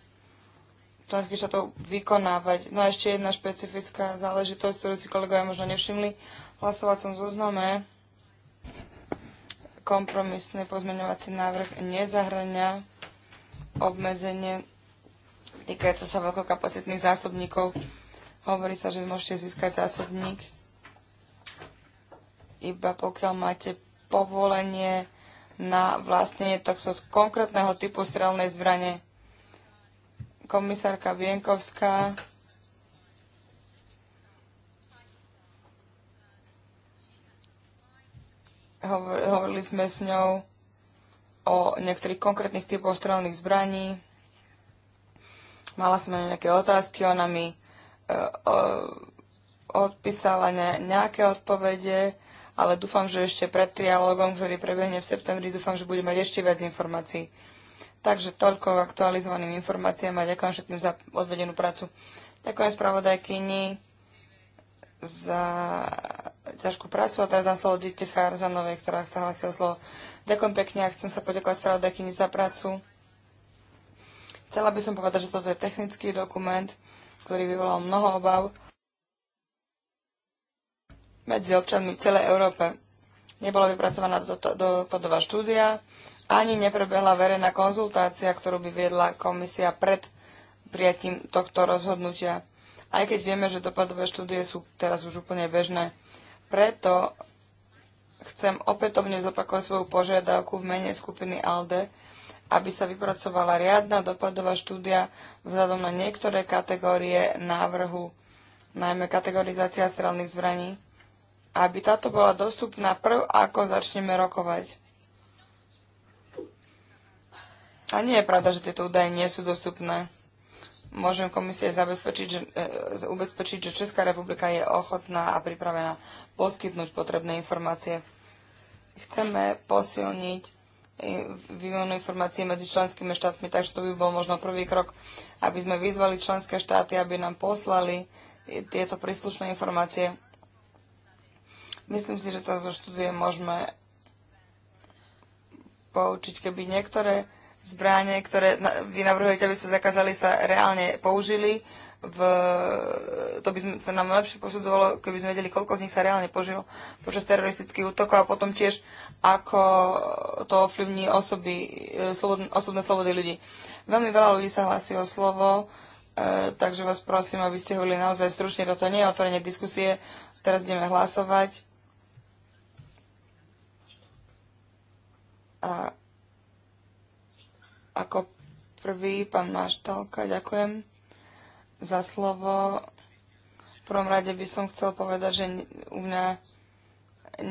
členských štátov vykonávať. No a ešte jedna špecifická záležitosť, ktorú si kolegovia možno nevšimli. V hlasovacom zozname kompromisný pozmeňovací návrh nezahrania obmedzenie týkajúce sa veľkokapacitných zásobníkov. Hovorí sa, že môžete získať zásobník iba pokiaľ máte povolenie na vlastnenie tohto konkrétneho typu strelnej zbrane. Komisárka Vienkovská hovorili sme s ňou o niektorých konkrétnych typoch strelných zbraní. Mala som nejaké otázky, ona mi e, odpísala nejaké odpovede ale dúfam, že ešte pred trialógom, ktorý prebehne v septembri, dúfam, že budeme mať ešte viac informácií. Takže toľko aktualizovaným informáciám a ďakujem všetkým za odvedenú prácu. Ďakujem spravodajkyni za ťažkú prácu a teraz dám slovo Dite Charzanovej, ktorá chce hlasiť o slovo. Ďakujem pekne a chcem sa poďakovať spravodajkyni za prácu. Chcela by som povedať, že toto je technický dokument, ktorý vyvolal mnoho obav medzi občanmi v celej Európe. Nebola vypracovaná dopadová do, do štúdia, ani neprebehla verejná konzultácia, ktorú by viedla komisia pred prijatím tohto rozhodnutia. Aj keď vieme, že dopadové štúdie sú teraz už úplne bežné. Preto chcem opätovne zopakovať svoju požiadavku v mene skupiny ALDE, aby sa vypracovala riadna dopadová štúdia vzhľadom na niektoré kategórie návrhu, najmä kategorizácia strelných zbraní, aby táto bola dostupná prv, ako začneme rokovať. A nie je pravda, že tieto údaje nie sú dostupné. Môžem komisie zabezpečiť, že, e, ubezpečiť, že Česká republika je ochotná a pripravená poskytnúť potrebné informácie. Chceme posilniť výmenu informácií medzi členskými štátmi, takže to by bol možno prvý krok, aby sme vyzvali členské štáty, aby nám poslali tieto príslušné informácie Myslím si, že sa zo štúdie môžeme poučiť, keby niektoré zbranie, ktoré vy navrhujete, aby sa zakázali, sa reálne použili. V, to by sa nám lepšie posudzovalo, keby sme vedeli, koľko z nich sa reálne požilo počas teroristických útokov a potom tiež, ako to ovplyvní osoby, e, osobné slobody ľudí. Veľmi veľa ľudí sa hlási o slovo, e, takže vás prosím, aby ste hovorili naozaj stručne, toto nie je otvorenie diskusie, teraz ideme hlasovať. A ako prvý, pán Maštalka, ďakujem za slovo. V prvom rade by som chcel povedať, že u mňa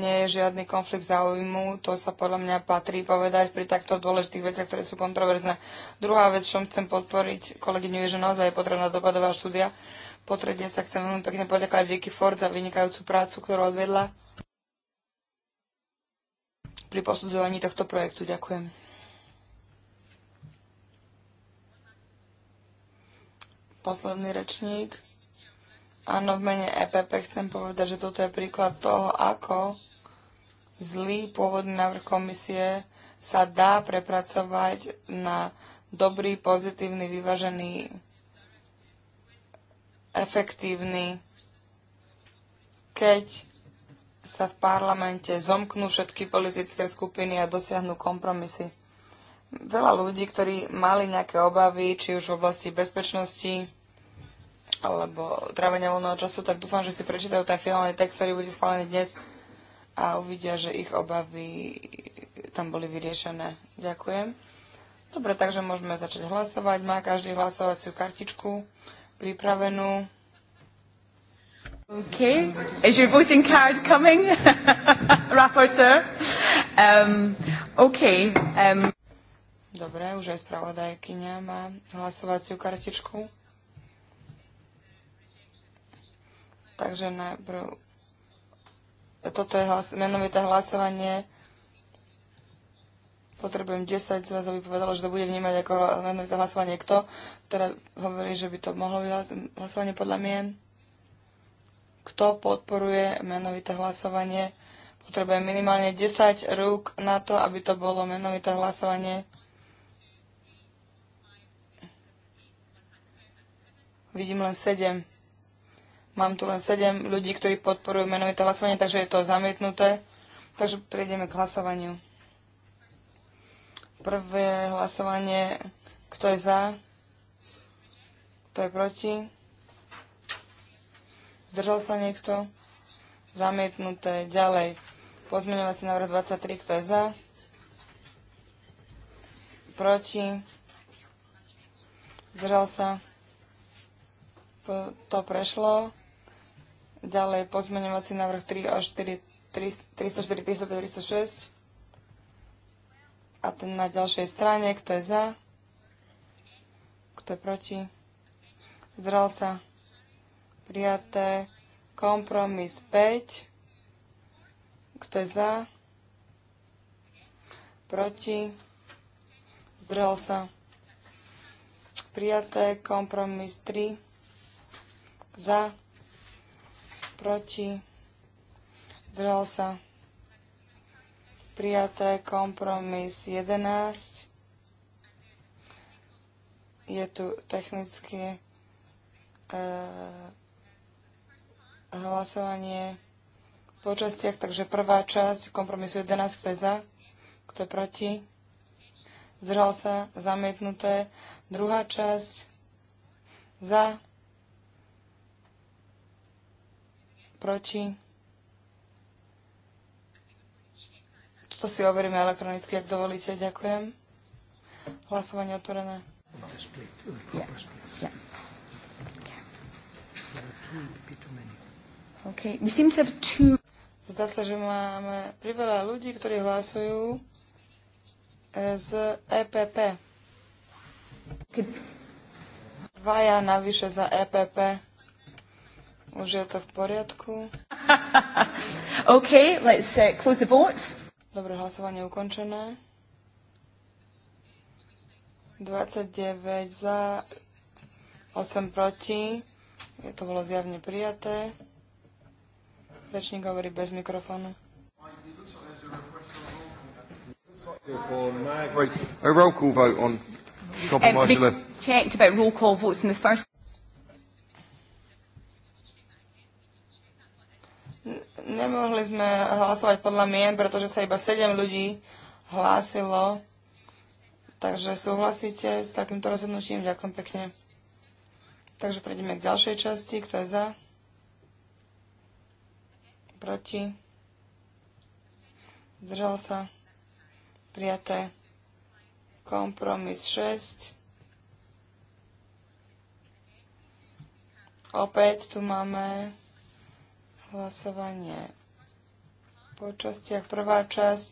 nie je žiadny konflikt záujmu, to sa podľa mňa patrí povedať pri takto dôležitých veciach, ktoré sú kontroverzné. Druhá vec, čo chcem podporiť kolegyňu, je, že naozaj je potrebná dopadová štúdia. Po tretie sa chcem veľmi pekne poďakovať Vicky Ford za vynikajúcu prácu, ktorú odvedla pri posudzovaní tohto projektu. Ďakujem. Posledný rečník. Áno, v mene EPP chcem povedať, že toto je príklad toho, ako zlý pôvodný návrh komisie sa dá prepracovať na dobrý, pozitívny, vyvážený, efektívny, keď sa v parlamente zomknú všetky politické skupiny a dosiahnu kompromisy. Veľa ľudí, ktorí mali nejaké obavy, či už v oblasti bezpečnosti alebo trávenia voľného času, tak dúfam, že si prečítajú ten finálny text, ktorý bude schválený dnes a uvidia, že ich obavy tam boli vyriešené. Ďakujem. Dobre, takže môžeme začať hlasovať. Má každý hlasovaciu kartičku pripravenú. Okay. Is your voting card coming, rapporteur? Um, okay. Um... Dobre, už aj spravodajkyňa má hlasovaciu kartičku. Takže najprv... Toto je hlas... menovité hlasovanie. Potrebujem 10 z vás, aby povedalo, že to bude vnímať ako menovité hlasovanie. Kto? ktoré hovorí, že by to mohlo byť hlasovanie podľa mien kto podporuje menovité hlasovanie. Potrebujem minimálne 10 rúk na to, aby to bolo menovité hlasovanie. Vidím len 7. Mám tu len 7 ľudí, ktorí podporujú menovité hlasovanie, takže je to zamietnuté. Takže prejdeme k hlasovaniu. Prvé hlasovanie, kto je za, kto je proti. Zdržal sa niekto? Zamietnuté. Ďalej. Pozmeňovací návrh 23, kto je za? Proti? Zdržal sa? To prešlo. Ďalej pozmeňovací návrh 3 a 4, 304, 305, 306. A ten na ďalšej strane, kto je za? Kto je proti? Zdržal sa? prijaté. Kompromis 5. Kto je za? Proti? Zdrhol sa. Prijaté. Kompromis 3. Za? Proti? Zdrhol sa. Prijaté. Kompromis 11. Je tu technicky eh, hlasovanie po častiach, takže prvá časť kompromisu 11, kto je za, kto je proti, zdržal sa, zamietnuté, druhá časť, za, proti. Toto si overíme elektronicky, ak dovolíte, ďakujem. Hlasovanie otvorené. Yeah. Yeah. many. Okay. We seem to have two... Zdá sa, že máme priveľa ľudí, ktorí hlasujú e, z EPP. Dvaja navyše za EPP. Už je to v poriadku. OK, let's uh, close the vote. Dobre, hlasovanie ukončené. 29 za, 8 proti. Je to bolo zjavne prijaté. Rečník hovorí bez mikrofónu. Nemohli sme hlasovať podľa mien, pretože sa iba sedem ľudí hlásilo. Takže súhlasíte s takýmto rozhodnutím? Ďakujem pekne. Takže prejdeme k ďalšej časti. Kto je za? proti, zdržal sa, prijaté, kompromis 6. Opäť tu máme hlasovanie po častiach. Prvá časť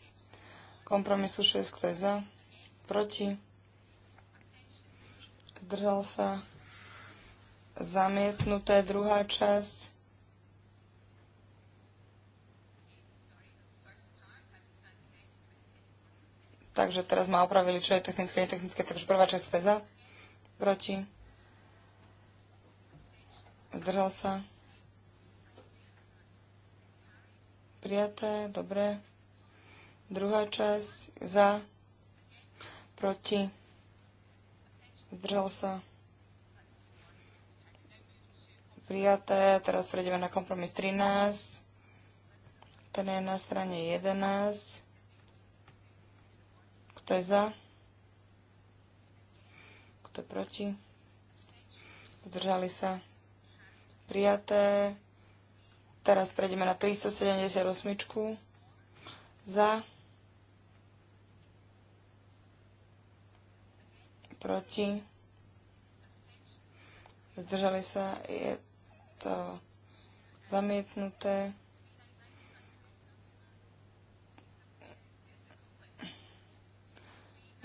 kompromisu 6, kto je za, proti, zdržal sa, zamietnuté, druhá časť Takže teraz ma opravili, čo je technické, netechnické. Takže prvá časť je za, proti. Držal sa. Prijaté, dobre. Druhá časť za, proti. Zdržal sa. Prijaté, teraz prejdeme na kompromis 13. Ten je na strane 11. Kto je za? Kto je proti? Zdržali sa? Prijaté. Teraz prejdeme na 378. Za. Proti. Zdržali sa. Je to zamietnuté.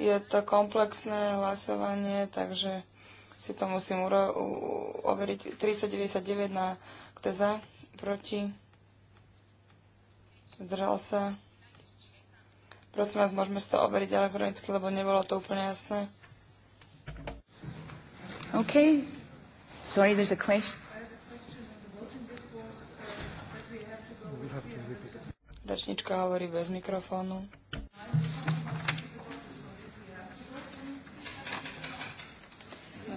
Je to komplexné hlasovanie, takže si to musím uro- overiť. 399 na kto za, proti, zdržal sa. Prosím vás, môžeme si to overiť elektronicky, lebo nebolo to úplne jasné. OK. Sorry, there's a question. Rečnička hovorí bez mikrofónu.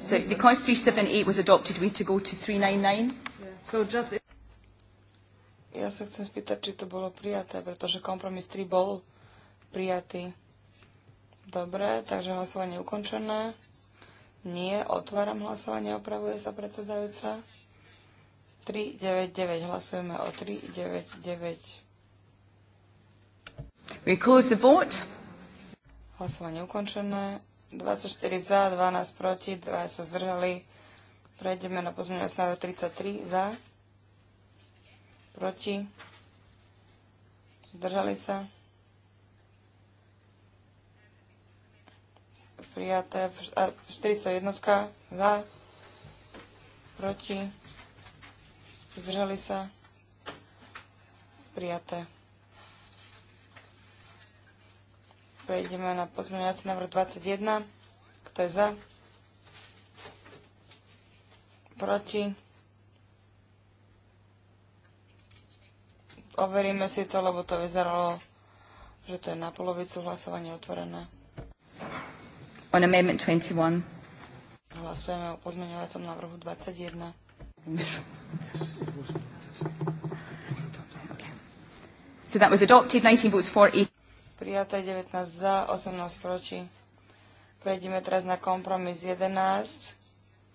So because 378 was adopted, we had to go to 399. So just... Ja sa chcem spýtať, či to bolo prijaté, pretože kompromis 3 bol prijatý. Dobre, takže hlasovanie ukončené. Nie, otváram hlasovanie, opravuje sa predsedajúca. 399, hlasujeme o 399. We close the vote. Hlasovanie ukončené 24 za, 12 proti, 2 sa zdržali. Prejdeme na pozmeňovací návrh 33 za, proti, zdržali sa. Prijaté 401 za, proti, zdržali sa. Prijaté Prejdeme na pozmeňovací návrh 21. Kto je za? Proti? Overíme si to, lebo to vyzeralo, že to je na polovicu hlasovanie otvorené. On amendment 21. Hlasujeme o pozmeňovacom návrhu 21. So that was adopted, 19 votes for, 8 prijaté 19 za, 18 proti. Prejdeme teraz na kompromis 11,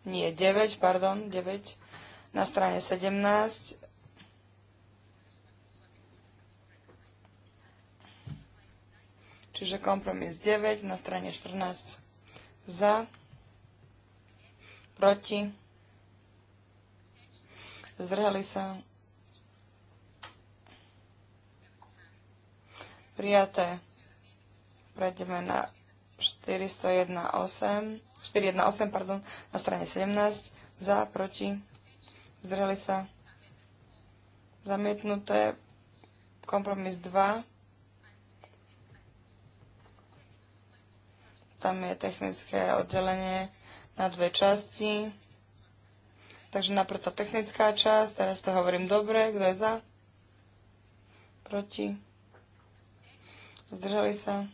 nie 9, pardon, 9, na strane 17. Čiže kompromis 9 na strane 14 za, proti, zdržali sa, Prijaté. Prejdeme na 418, 418 pardon, na strane 17. Za, proti, zdržali sa. Zamietnuté. Kompromis 2. Tam je technické oddelenie na dve časti. Takže napríklad technická časť, teraz to hovorím dobre, kto je za? Proti? Zdržali sa?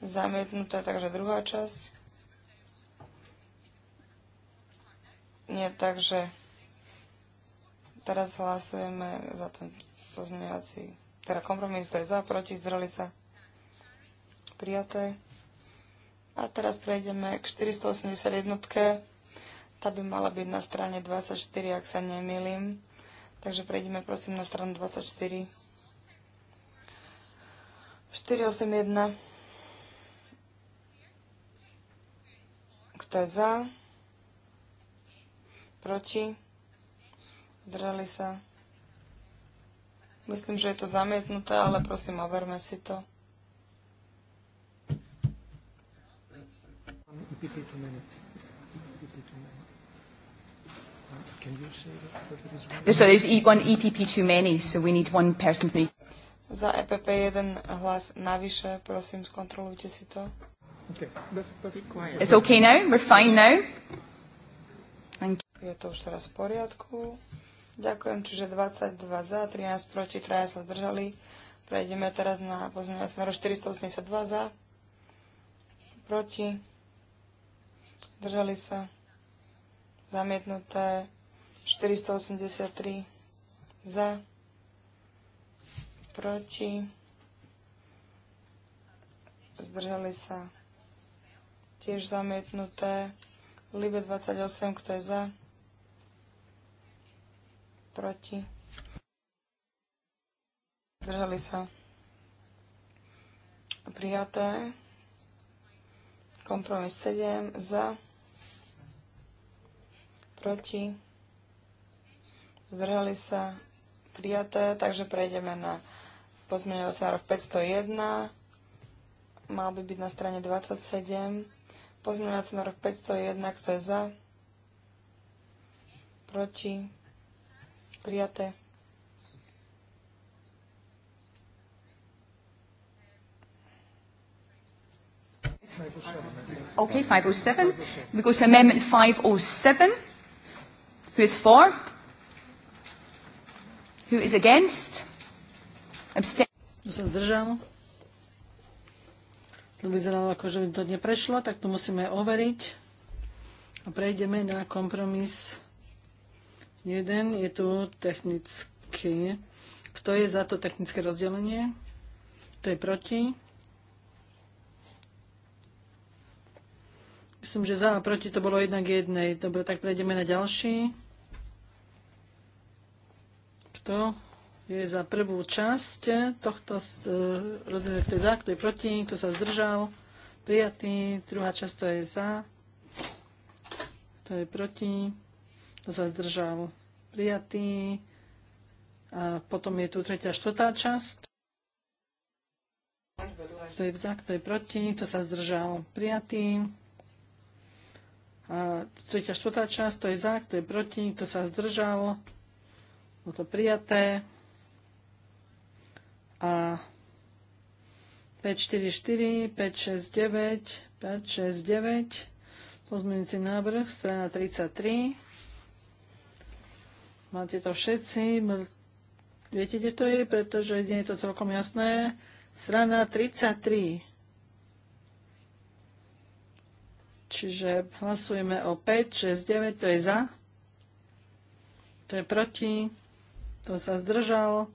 Zamietnutá takže druhá časť. Nie, takže teraz hlasujeme za ten pozmeňovací, teda kompromis, to je za, proti, zdržali sa? Prijaté. A teraz prejdeme k 481. Tá by mala byť na strane 24, ak sa nemýlim. Takže prejdeme prosím na stranu 24. 481. Kto je za? Proti? Zdrali sa? Myslím, že je to zamietnuté, ale prosím, overme si to. you say one EPP e, e too many, so we need one person za EPP jeden hlas navyše, prosím, skontrolujte si to. Okay. It's okay now, we're fine now. Thank you. Je to už teraz v poriadku. Ďakujem, čiže 22 za, 13 proti, 3 sa zdržali. Prejdeme teraz na pozmeňovací návrh 482 za, proti, zdržali sa, zamietnuté 483 za, proti, zdržali sa tiež zamietnuté. Libe 28, kto je za, proti, zdržali sa prijaté. Kompromis 7 za, proti, zdržali sa prijaté, takže prejdeme na Pozmeňovací návrh 501 mal by byť na strane 27. Pozmeňovací návrh 501, kto je za? Proti? Prijaté? Okay, 507. We go to Amendment 507. Who is for? Who is against? Kto sa zdržal? To vyzeralo ako, že by to neprešlo, tak to musíme overiť. A prejdeme na kompromis 1. Je tu technicky. Kto je za to technické rozdelenie? Kto je proti? Myslím, že za a proti to bolo jednak jednej. Dobre, tak prejdeme na ďalší. Kto? je za prvú časť tohto e, rozhodnutia, kto je za, kto je proti, kto sa zdržal, prijatý, druhá časť to je za, kto je proti, kto sa zdržal, prijatý. A potom je tu tretia, štvrtá časť. Kto je za, kto je proti, kto sa zdržal, prijatý. A tretia, štvrtá časť, to je za, kto je proti, kto sa zdržal, bolo to prijaté a 5 5 4, 6, 9, 5, 6, 9, pozmeňujúci návrh, strana 33. Máte to všetci, viete, kde to je, pretože nie je to celkom jasné. Strana 33. Čiže hlasujeme o 5, 6, 9, to je za, to je proti, to sa zdržal.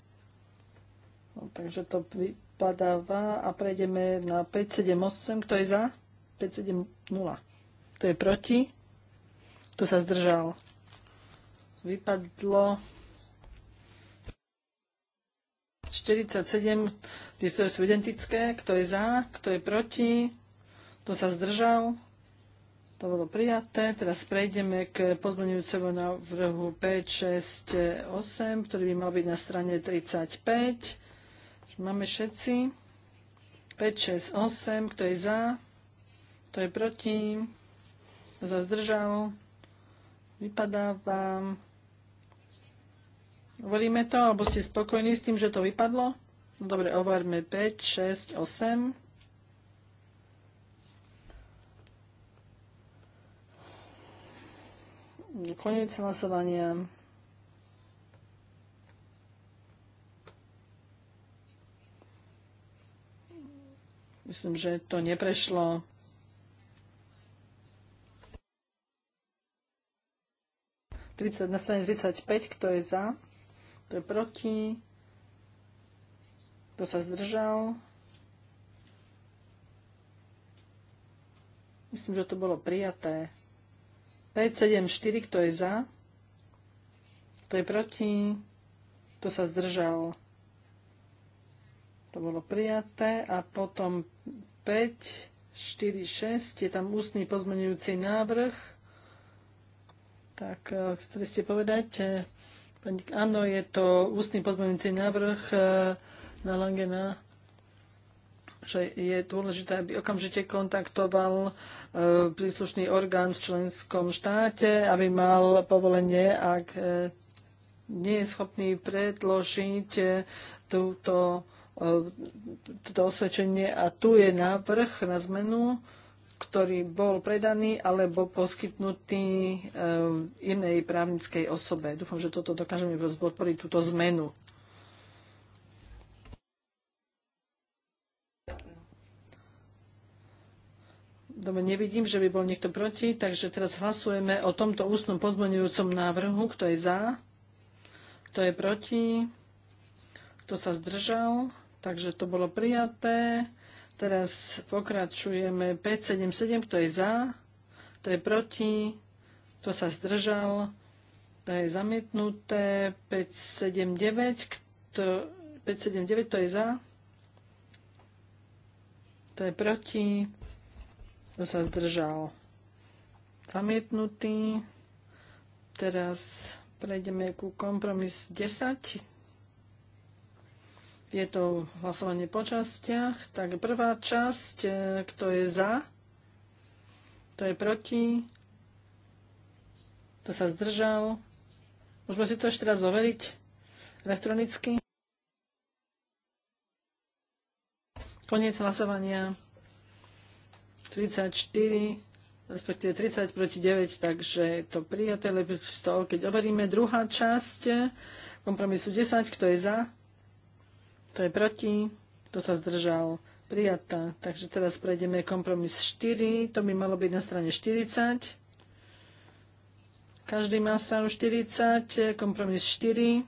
No, takže to vypadáva a prejdeme na 578. Kto je za? 570. Kto je proti? Kto sa zdržal? Vypadlo 47, ktoré sú identické. Kto je za? Kto je proti? Kto sa zdržal? To bolo prijaté. Teraz prejdeme k pozmeňujúcemu návrhu 568, ktorý by mal byť na strane 35. Máme všetci. 5, 6, 8. Kto je za? Kto je proti? Kto sa zdržal? Vypadávam. Hovoríme to, alebo ste spokojní s tým, že to vypadlo? No dobre, overme 5, 6, 8. Koniec hlasovania. Myslím, že to neprešlo. na strane 35, kto je za, kto je proti, kto sa zdržal. Myslím, že to bolo prijaté. 5, 7, 4, kto je za, kto je proti, kto sa zdržal. To bolo prijaté. A potom 5, 4, 6. Je tam ústny pozmenujúci návrh. Tak eh, chceli ste povedať, eh, pani, áno, je to ústny pozmenujúci návrh eh, na Langena že je dôležité, aby okamžite kontaktoval príslušný orgán v členskom štáte, aby mal povolenie, ak nie je schopný predložiť túto E, toto osvedčenie a tu je návrh na zmenu, ktorý bol predaný alebo poskytnutý inej e, právnickej osobe. Dúfam, že toto dokážeme podporiť túto zmenu. Dobre, nevidím, že by bol niekto proti, takže teraz hlasujeme o tomto ústnom pozmeňujúcom návrhu. Kto je za? Kto je proti? Kto sa zdržal? Takže to bolo prijaté. Teraz pokračujeme 577, kto je za, kto je proti, kto sa zdržal, to je zamietnuté. 579, kto, 579, to je za, to je proti, kto sa zdržal, zamietnutý. Teraz prejdeme ku kompromis 10. Je to hlasovanie po častiach. Tak prvá časť, e, kto je za, kto je proti, kto sa zdržal. Môžeme si to ešte raz overiť elektronicky. Koniec hlasovania 34, respektíve 30 proti 9, takže to prijaté, lebo z toho, keď overíme druhá časť kompromisu 10, kto je za, kto je proti? to sa zdržal? Prijatá. Takže teraz prejdeme kompromis 4. To by malo byť na strane 40. Každý má stranu 40, kompromis 4.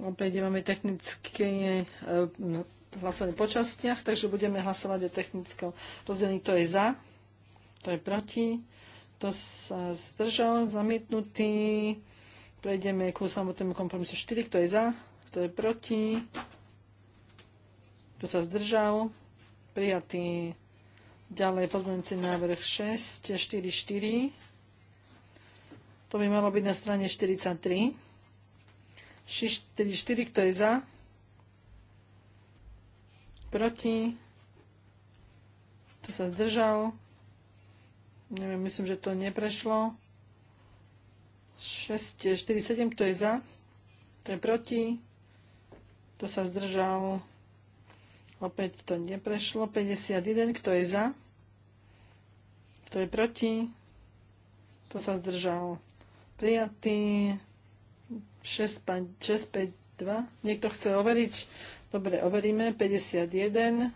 Opäť máme technické e, no, hlasovanie po častiach, takže budeme hlasovať o technickom rozdelení. Kto je za? to je proti? to sa zdržal? Zamietnutý? Prejdeme ku samotnému kompromisu 4. Kto je za? Kto je proti? Kto sa zdržal? Prijatý. Ďalej pozmeňujúci návrh 6, 4, 4. To by malo byť na strane 43. 6, 4, 4, kto je za? Proti? Kto sa zdržal? Neviem, myslím, že to neprešlo. 6, 4, 7, kto je za? Kto je proti? Kto sa zdržal? Opäť to neprešlo. 51. Kto je za? Kto je proti? Kto sa zdržal? Prijatý. 6, 5, 2, Niekto chce overiť? Dobre, overíme. 51.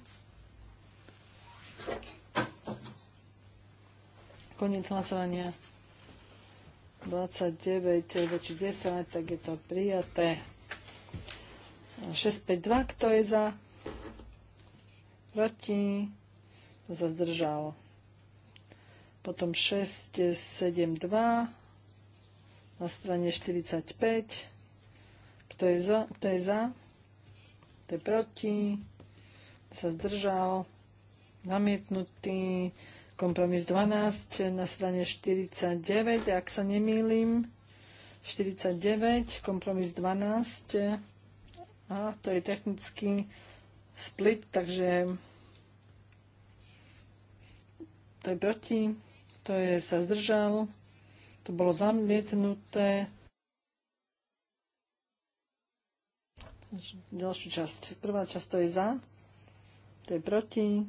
Koniec hlasovania. 29 eh, voči 10, tak je to prijaté. 652, kto je za? Proti? Kto sa zdržal? Potom 672 na strane 45. Kto je za? Kto je, za? Kto je proti? Kto sa zdržal? Namietnutý. Kompromis 12 na strane 49, ak sa nemýlim. 49, kompromis 12 a to je technický split, takže to je proti, to je sa zdržal, to bolo zamietnuté. Ďalšiu časť. Prvá časť to je za, to je proti,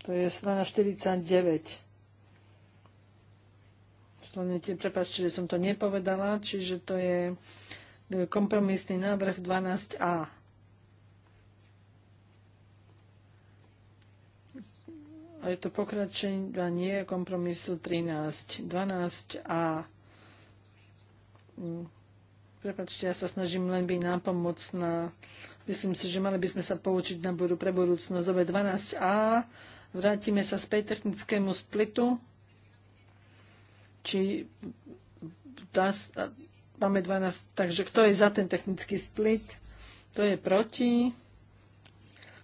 to je strana 49. Slonete, prepáčte, že som to nepovedala, čiže to je kompromisný návrh 12a. A je to pokračovanie kompromisu 13. 12a. Mm. Prepačte, ja sa snažím len byť nápomocná. Myslím si, že mali by sme sa poučiť na budú pre budúcnosť. Dobre, 12a. Vrátime sa späť technickému splitu. Či Máme 12. Takže kto je za ten technický split? Kto je proti?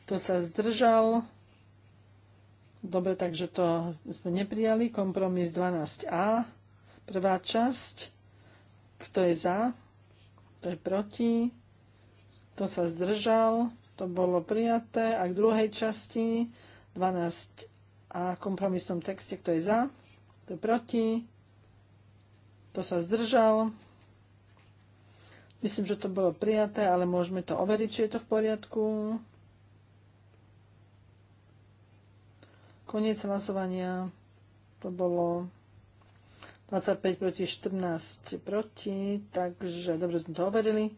Kto sa zdržal? Dobre, takže to sme neprijali. Kompromis 12a. Prvá časť. Kto je za? Kto je proti? Kto sa zdržal? To bolo prijaté. A k druhej časti 12a kompromisnom texte. Kto je za? Kto je proti? Kto sa zdržal? Myslím, že to bolo prijaté, ale môžeme to overiť, či je to v poriadku. Koniec hlasovania. To bolo 25 proti 14 proti, takže dobre sme to overili.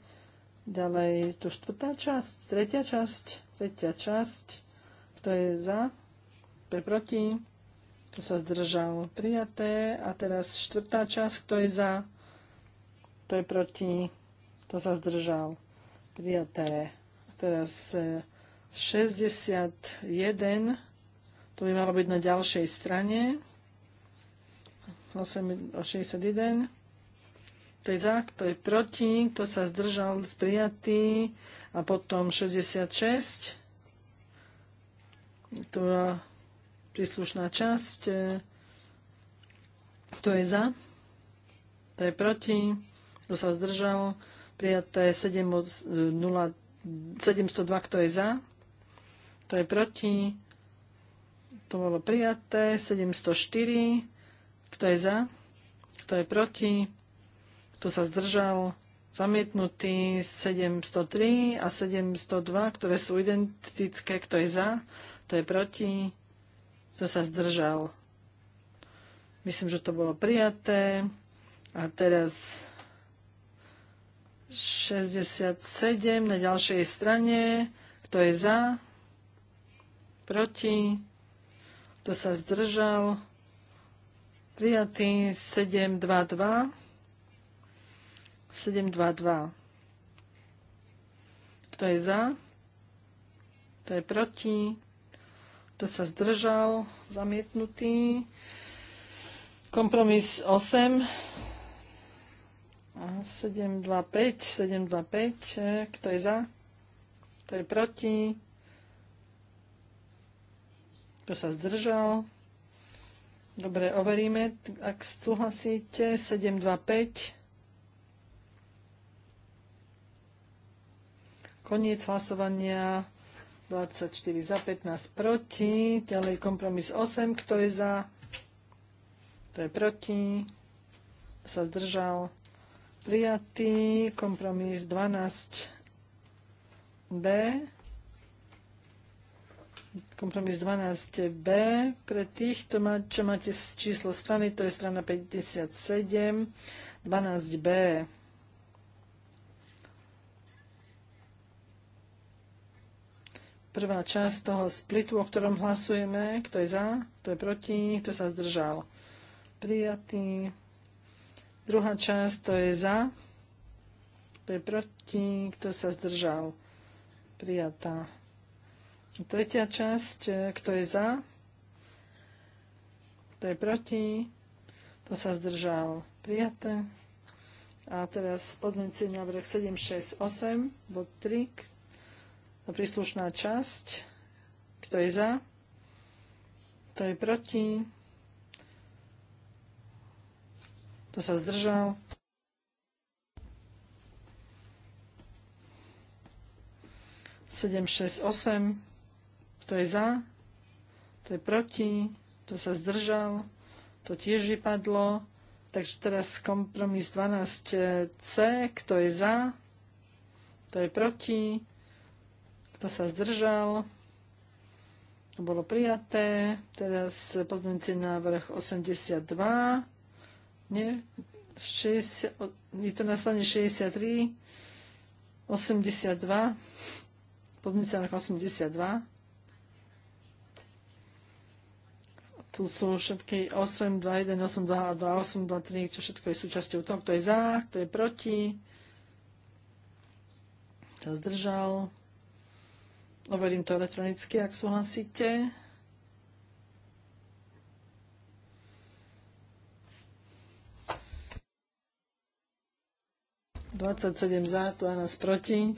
Ďalej tu štvrtá časť, tretia časť, tretia časť. Kto je za? Kto je proti? Kto sa zdržal? Prijaté. A teraz štvrtá časť, kto je za? Kto je proti? To sa zdržal? Prijaté. Teraz 61. E, to by malo byť na ďalšej strane. 8, 61. To je za, kto je proti, to sa zdržal, prijatý. A potom 66. To je príslušná časť. E, kto je za? to je proti? to sa zdržal? prijaté 702, e, kto je za, kto je proti, to bolo prijaté, 704, kto je za, kto je proti, kto sa zdržal, zamietnutý 703 a 702, ktoré sú identické, kto je za, kto je proti, kto sa zdržal. Myslím, že to bolo prijaté. A teraz 67 na ďalšej strane. Kto je za? Proti? Kto sa zdržal? Prijatý 722. 722. Kto je za? Kto je proti? Kto sa zdržal? Zamietnutý. Kompromis 8. 725, 725, e, kto je za? Kto je proti? Kto sa zdržal? Dobre, overíme, ak súhlasíte, 725. Koniec hlasovania 24 za 15 proti. Ďalej kompromis 8. Kto je za? Kto je proti? Kto sa zdržal? prijatý. Kompromis 12b. Kompromis 12b. Pre tých, čo máte číslo strany, to je strana 57. 12b. prvá časť toho splitu, o ktorom hlasujeme. Kto je za, kto je proti, kto sa zdržal. Prijatý. Druhá časť, to je za, kto je proti, kto sa zdržal, prijatá. Tretia časť, e, kto je za, To je proti, kto sa zdržal, prijaté. A teraz podmienci návrh 768, bod 3, príslušná časť, kto je za, kto je proti, Kto sa zdržal? Sedem, šesť, osem. Kto je za? Kto je proti? Kto sa zdržal? To tiež vypadlo. Takže teraz kompromis 12C. Kto je za? Kto je proti? Kto sa zdržal? To bolo prijaté. Teraz pozmeňujúci návrh 82. Nie? 60, je to na strane 63, 82, sa na 82. Tu sú všetky 8, 2, 1, 8, 2, 2, 8, 2, 3, čo všetko je súčasťou toho, kto je za, kto je proti, kto zdržal. Overím to elektronicky, ak súhlasíte. 27 za, 12 proti.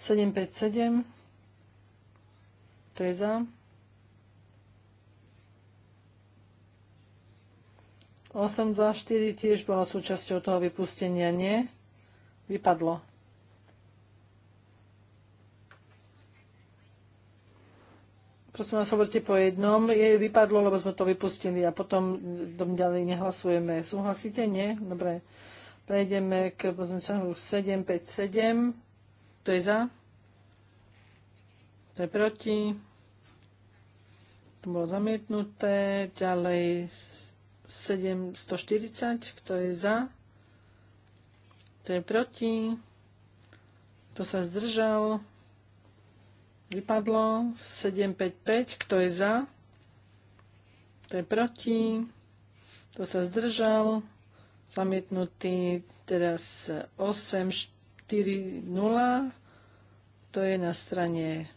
Sedem, päť, sedem. To je za. Osem, dva, štyri tiež bola súčasťou toho vypustenia, nie? Vypadlo. Prosím vás, hovorte po jednom. Je, vypadlo, lebo sme to vypustili a potom ďalej nehlasujeme. Súhlasíte? Nie? Dobre. Prejdeme k pozmeňovaciemu 757. To je za? To je proti? To bolo zamietnuté. Ďalej 740. Kto je za? To je proti? To sa zdržal vypadlo. 755, kto je za? Kto je proti? Kto sa zdržal? Zamietnutý teraz 840. To je na strane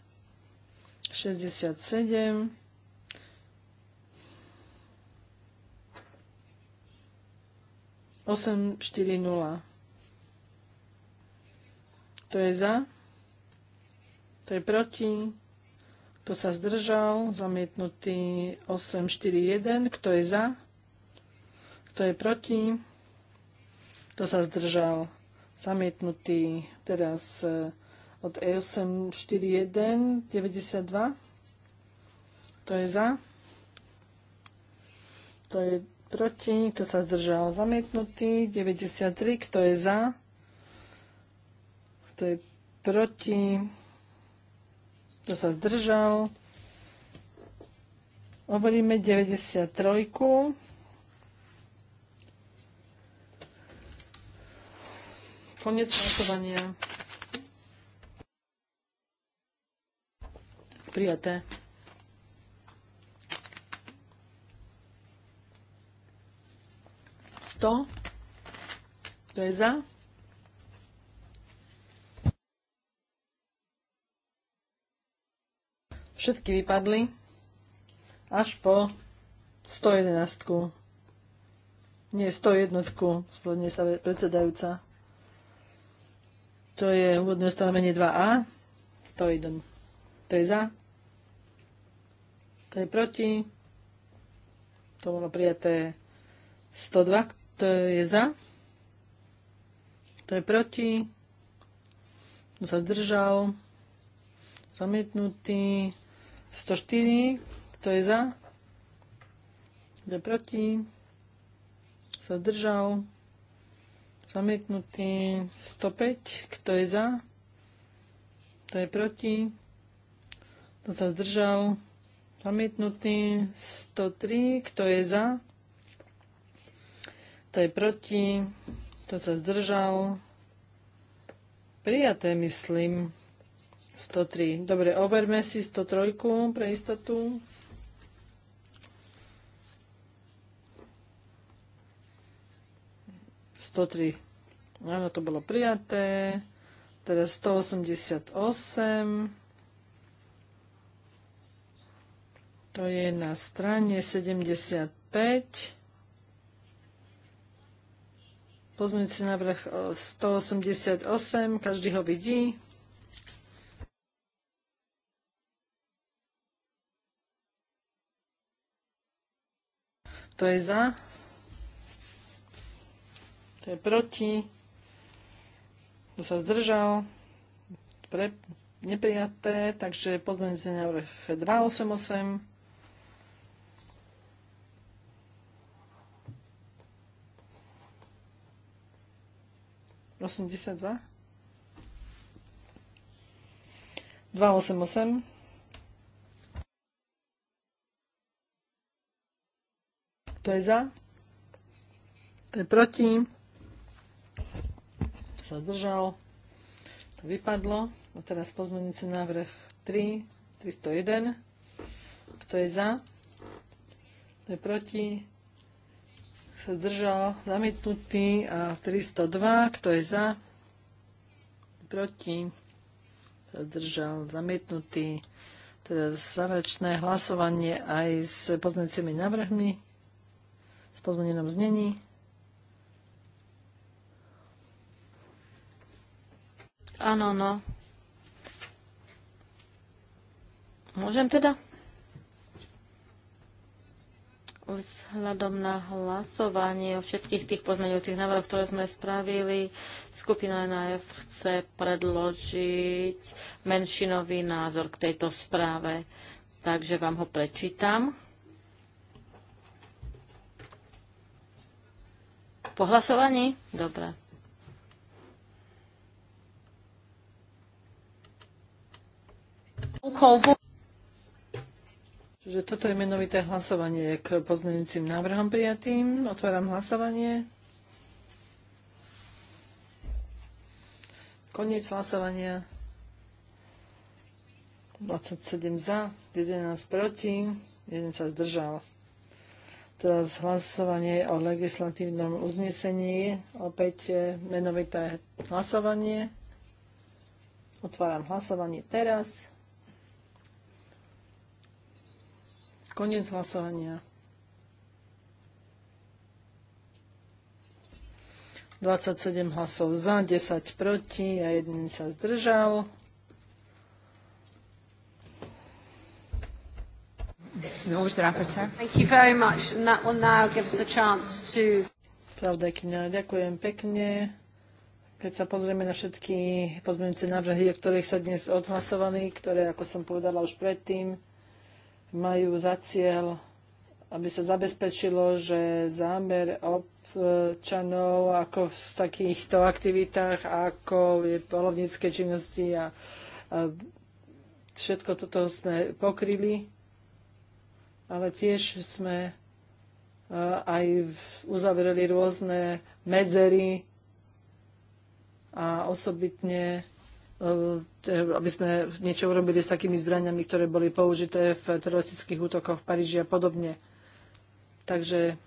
67. Osem, štyri, nula. To je za. To je proti. Kto sa zdržal? Zamietnutý 841. Kto je za? Kto je proti? Kto sa zdržal? Zamietnutý teraz eh, od E841 92. Kto je za? Kto je proti? Kto sa zdržal? Zamietnutý 93. Kto je za? Kto je proti? Kto sa zdržal? Obolíme 93. Konec hlasovania. Prijaté. Sto. Kto je za? Všetky vypadli až po 111. Nie, 101, spodne sa predsedajúca. To je úvodné stanovenie 2a, 101. To je za, to je proti, to bolo prijaté 102, to je za, to je proti, to sa zdržal, zamietnutý, 104, kto je za? Kto je proti? Sa zdržal. Zamietnutý 105, kto je za? Kto je proti? Kto sa zdržal? Zamietnutý 103, kto je za? Kto je proti? Kto sa zdržal? Prijaté, myslím. 103. Dobre, overme si 103 pre istotu. Áno, to bolo prijaté. Teraz 188. To je na strane 75. Pozmeňujúci návrh 188. Každý ho vidí. Kto je za? Kto je proti? Kto sa zdržal? Pre, neprijaté, takže pozmeňujúci návrh 288. Osemdesiat dva. Dva osem osem. Kto je za? Kto je proti? sa zdržal? To vypadlo. A teraz pozmeňujúci návrh 3, 301. Kto je za? Kto je proti? sa zdržal? Zamietnutý. A 302. Kto je za? Proti? sa zdržal? Zamietnutý. Teraz záverečné hlasovanie aj s pozmeňujúcimi návrhmi v pozmenenom znení. Áno, no. Môžem teda? vzhľadom na hlasovanie o všetkých tých pozmeňujúcich návrhoch, ktoré sme spravili, skupina NAF chce predložiť menšinový názor k tejto správe. Takže vám ho prečítam. Po hlasovaní? Dobre. Čiže toto je menovité hlasovanie k pozmeňujúcim návrhom prijatým. Otváram hlasovanie. Koniec hlasovania. 27 za, 11 proti, 1 sa zdržal. Teraz hlasovanie o legislatívnom uznesení. Opäť e, menovité hlasovanie. Otváram hlasovanie teraz. Koniec hlasovania. 27 hlasov za, 10 proti a jeden sa zdržal. knows rapporteur. Thank you very much, and that will now give us a chance to... Pravdekňa, ďakujem pekne. Keď sa pozrieme na všetky pozmeňujúce návrhy, o ktorých sa dnes odhlasovali, ktoré, ako som povedala už predtým, majú za cieľ, aby sa zabezpečilo, že zámer občanov ako v takýchto aktivitách, ako je polovnícke činnosti a, a všetko toto sme pokryli ale tiež sme e, aj uzavreli rôzne medzery a osobitne e, aby sme niečo urobili s takými zbraniami, ktoré boli použité v teroristických útokoch v Paríži a podobne. Takže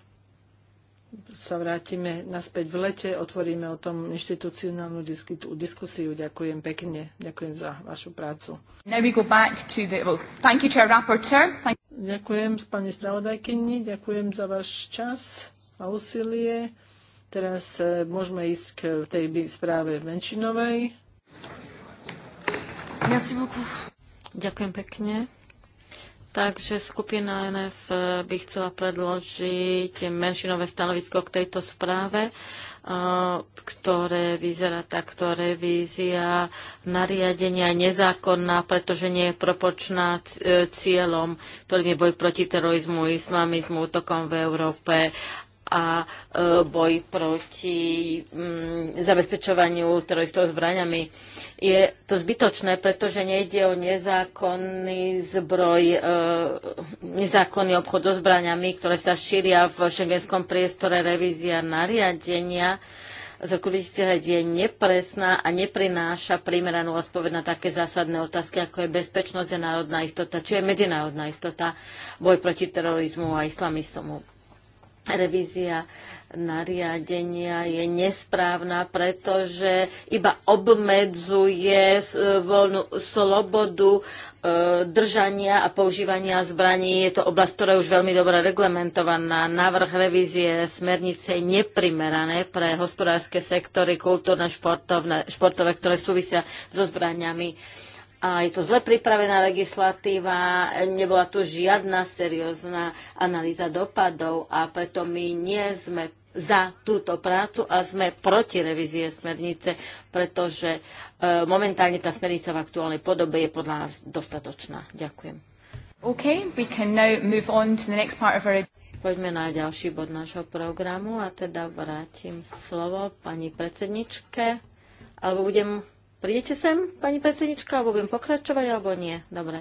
sa vrátime naspäť v lete, otvoríme o tom inštitucionálnu diskusiu. Ďakujem pekne, ďakujem za vašu prácu. Ďakujem pani spravodajkyni, ďakujem za váš čas a úsilie. Teraz e, môžeme ísť k tej správe menšinovej. Merci beaucoup. Ďakujem pekne. Takže skupina NF e, by chcela predložiť menšinové stanovisko k tejto správe ktoré vyzerá takto revízia nariadenia nezákonná, pretože nie je propočná e, cieľom, ktorým je boj proti terorizmu, islamizmu, útokom v Európe a e, boj proti mm, zabezpečovaniu teroristov zbraňami. Je to zbytočné, pretože nejde o nezákonný zbroj, e, nezákonný obchod so zbraňami, ktoré sa šíria v šengenskom priestore revízia nariadenia z roku 2010 je nepresná a neprináša primeranú odpoveď na také zásadné otázky, ako je bezpečnosť a národná istota, či je medzinárodná istota, boj proti terorizmu a islamistomu revízia nariadenia je nesprávna, pretože iba obmedzuje eh, voľnú slobodu eh, držania a používania zbraní. Je to oblasť, ktorá je už veľmi dobre reglementovaná. Návrh revízie smernice je neprimerané pre hospodárske sektory, kultúrne, športovné, športové, ktoré súvisia so zbraniami a je to zle pripravená legislatíva, nebola tu žiadna seriózna analýza dopadov a preto my nie sme za túto prácu a sme proti revízie smernice, pretože e, momentálne tá smernica v aktuálnej podobe je podľa nás dostatočná. Ďakujem. Okay, we can now move on to the next part of our... Poďme na ďalší bod nášho programu a teda vrátim slovo pani predsedničke, alebo budem Prídete sem, pani predsednička, alebo budem pokračovať, alebo nie? Dobre.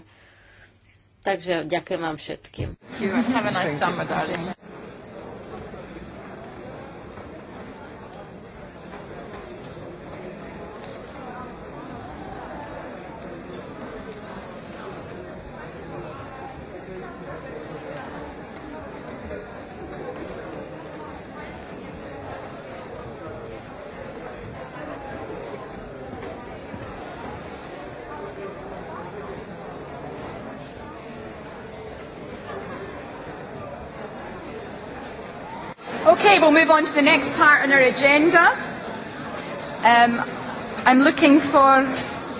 Takže ďakujem vám všetkým. we'll move on to the next part on our agenda. Um, I'm looking for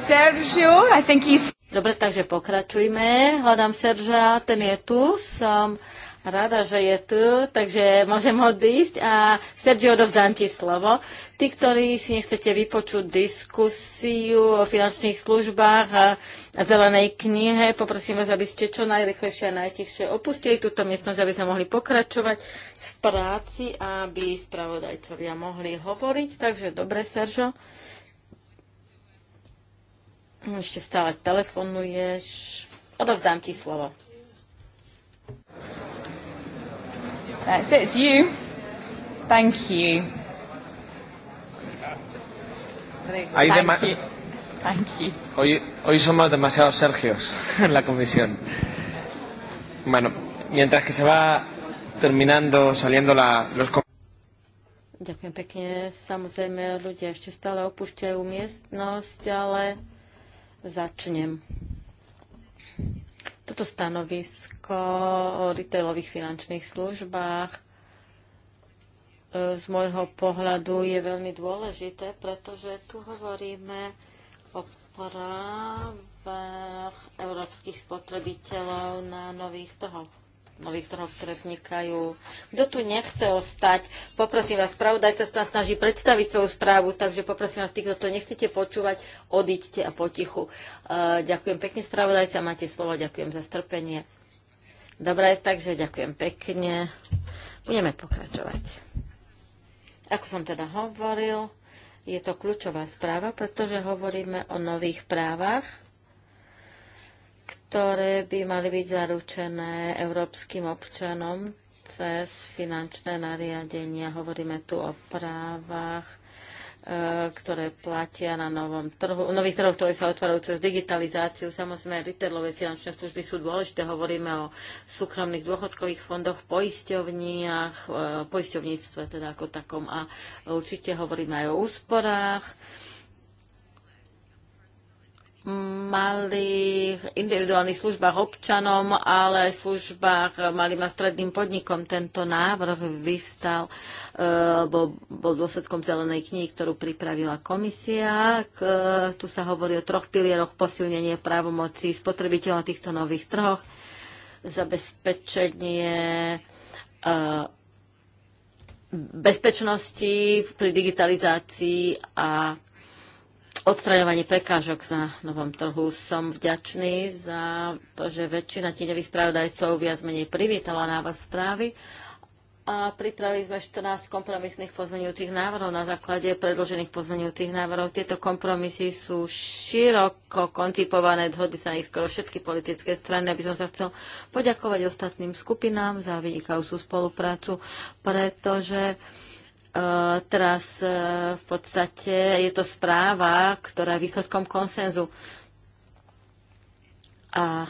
Sergio. I think he's... Dobre, takže pokračujme. Hľadám Serža, ten je tu. Som rada, že je tu, takže môžem odísť a Sergio, odovzdám ti slovo. Tí, ktorí si nechcete vypočuť diskusiu o finančných službách a zelenej knihe, poprosím vás, aby ste čo najrychlejšie a najtichšie opustili túto miestnosť, aby sme mohli pokračovať v práci, aby spravodajcovia mohli hovoriť. Takže dobre, Sergio. Ešte stále telefonuješ. Odovzdám ti slovo. That's it, it's you. Thank you. Hay Thank you. Thank you. Hoy, hoy somos demasiados Sergios en la comisión. Bueno, mientras que se va terminando, saliendo la, los Ďakujem pekne. Samozrejme, ľudia ešte stále opúšťajú miestnosť, ale začnem toto stanovisko o retailových finančných službách e, z môjho pohľadu je veľmi dôležité, pretože tu hovoríme o právach európskych spotrebiteľov na nových trhoch nových trhov, ktoré vznikajú. Kto tu nechce ostať, poprosím vás, spravodajca sa snaží predstaviť svoju správu, takže poprosím vás, tí, kto to nechcete počúvať, odíďte a potichu. E, ďakujem pekne, spravodajca, máte slovo, ďakujem za strpenie. Dobre, takže ďakujem pekne. Budeme pokračovať. Ako som teda hovoril, je to kľúčová správa, pretože hovoríme o nových právach ktoré by mali byť zaručené európskym občanom cez finančné nariadenia. Hovoríme tu o právach e, ktoré platia na novom trhu, nových trhoch, ktoré sa otvárajú cez digitalizáciu. Samozrejme, retailové finančné služby sú dôležité. Hovoríme o súkromných dôchodkových fondoch, poisťovniach, e, poisťovníctve teda ako takom a určite hovoríme aj o úsporách malých individuálnych službách občanom, ale aj službách malým a stredným podnikom. Tento návrh vyvstal, e, bol, bol dôsledkom zelenej knihy, ktorú pripravila komisia. K, tu sa hovorí o troch pilieroch posilnenie právomocí spotrebiteľa na týchto nových trhoch, zabezpečenie e, bezpečnosti pri digitalizácii a odstraňovanie prekážok na novom trhu. Som vďačný za to, že väčšina tieňových spravodajcov viac menej privítala návrh správy a pripravili sme 14 kompromisných pozmenujúcich návrhov na základe predložených pozmenujúcich návrhov. Tieto kompromisy sú široko koncipované, zhodli sa ich skoro všetky politické strany, aby som sa chcel poďakovať ostatným skupinám za vynikajúcu spoluprácu, pretože Eh, teraz eh, v podstate je to správa, ktorá je výsledkom konsenzu. A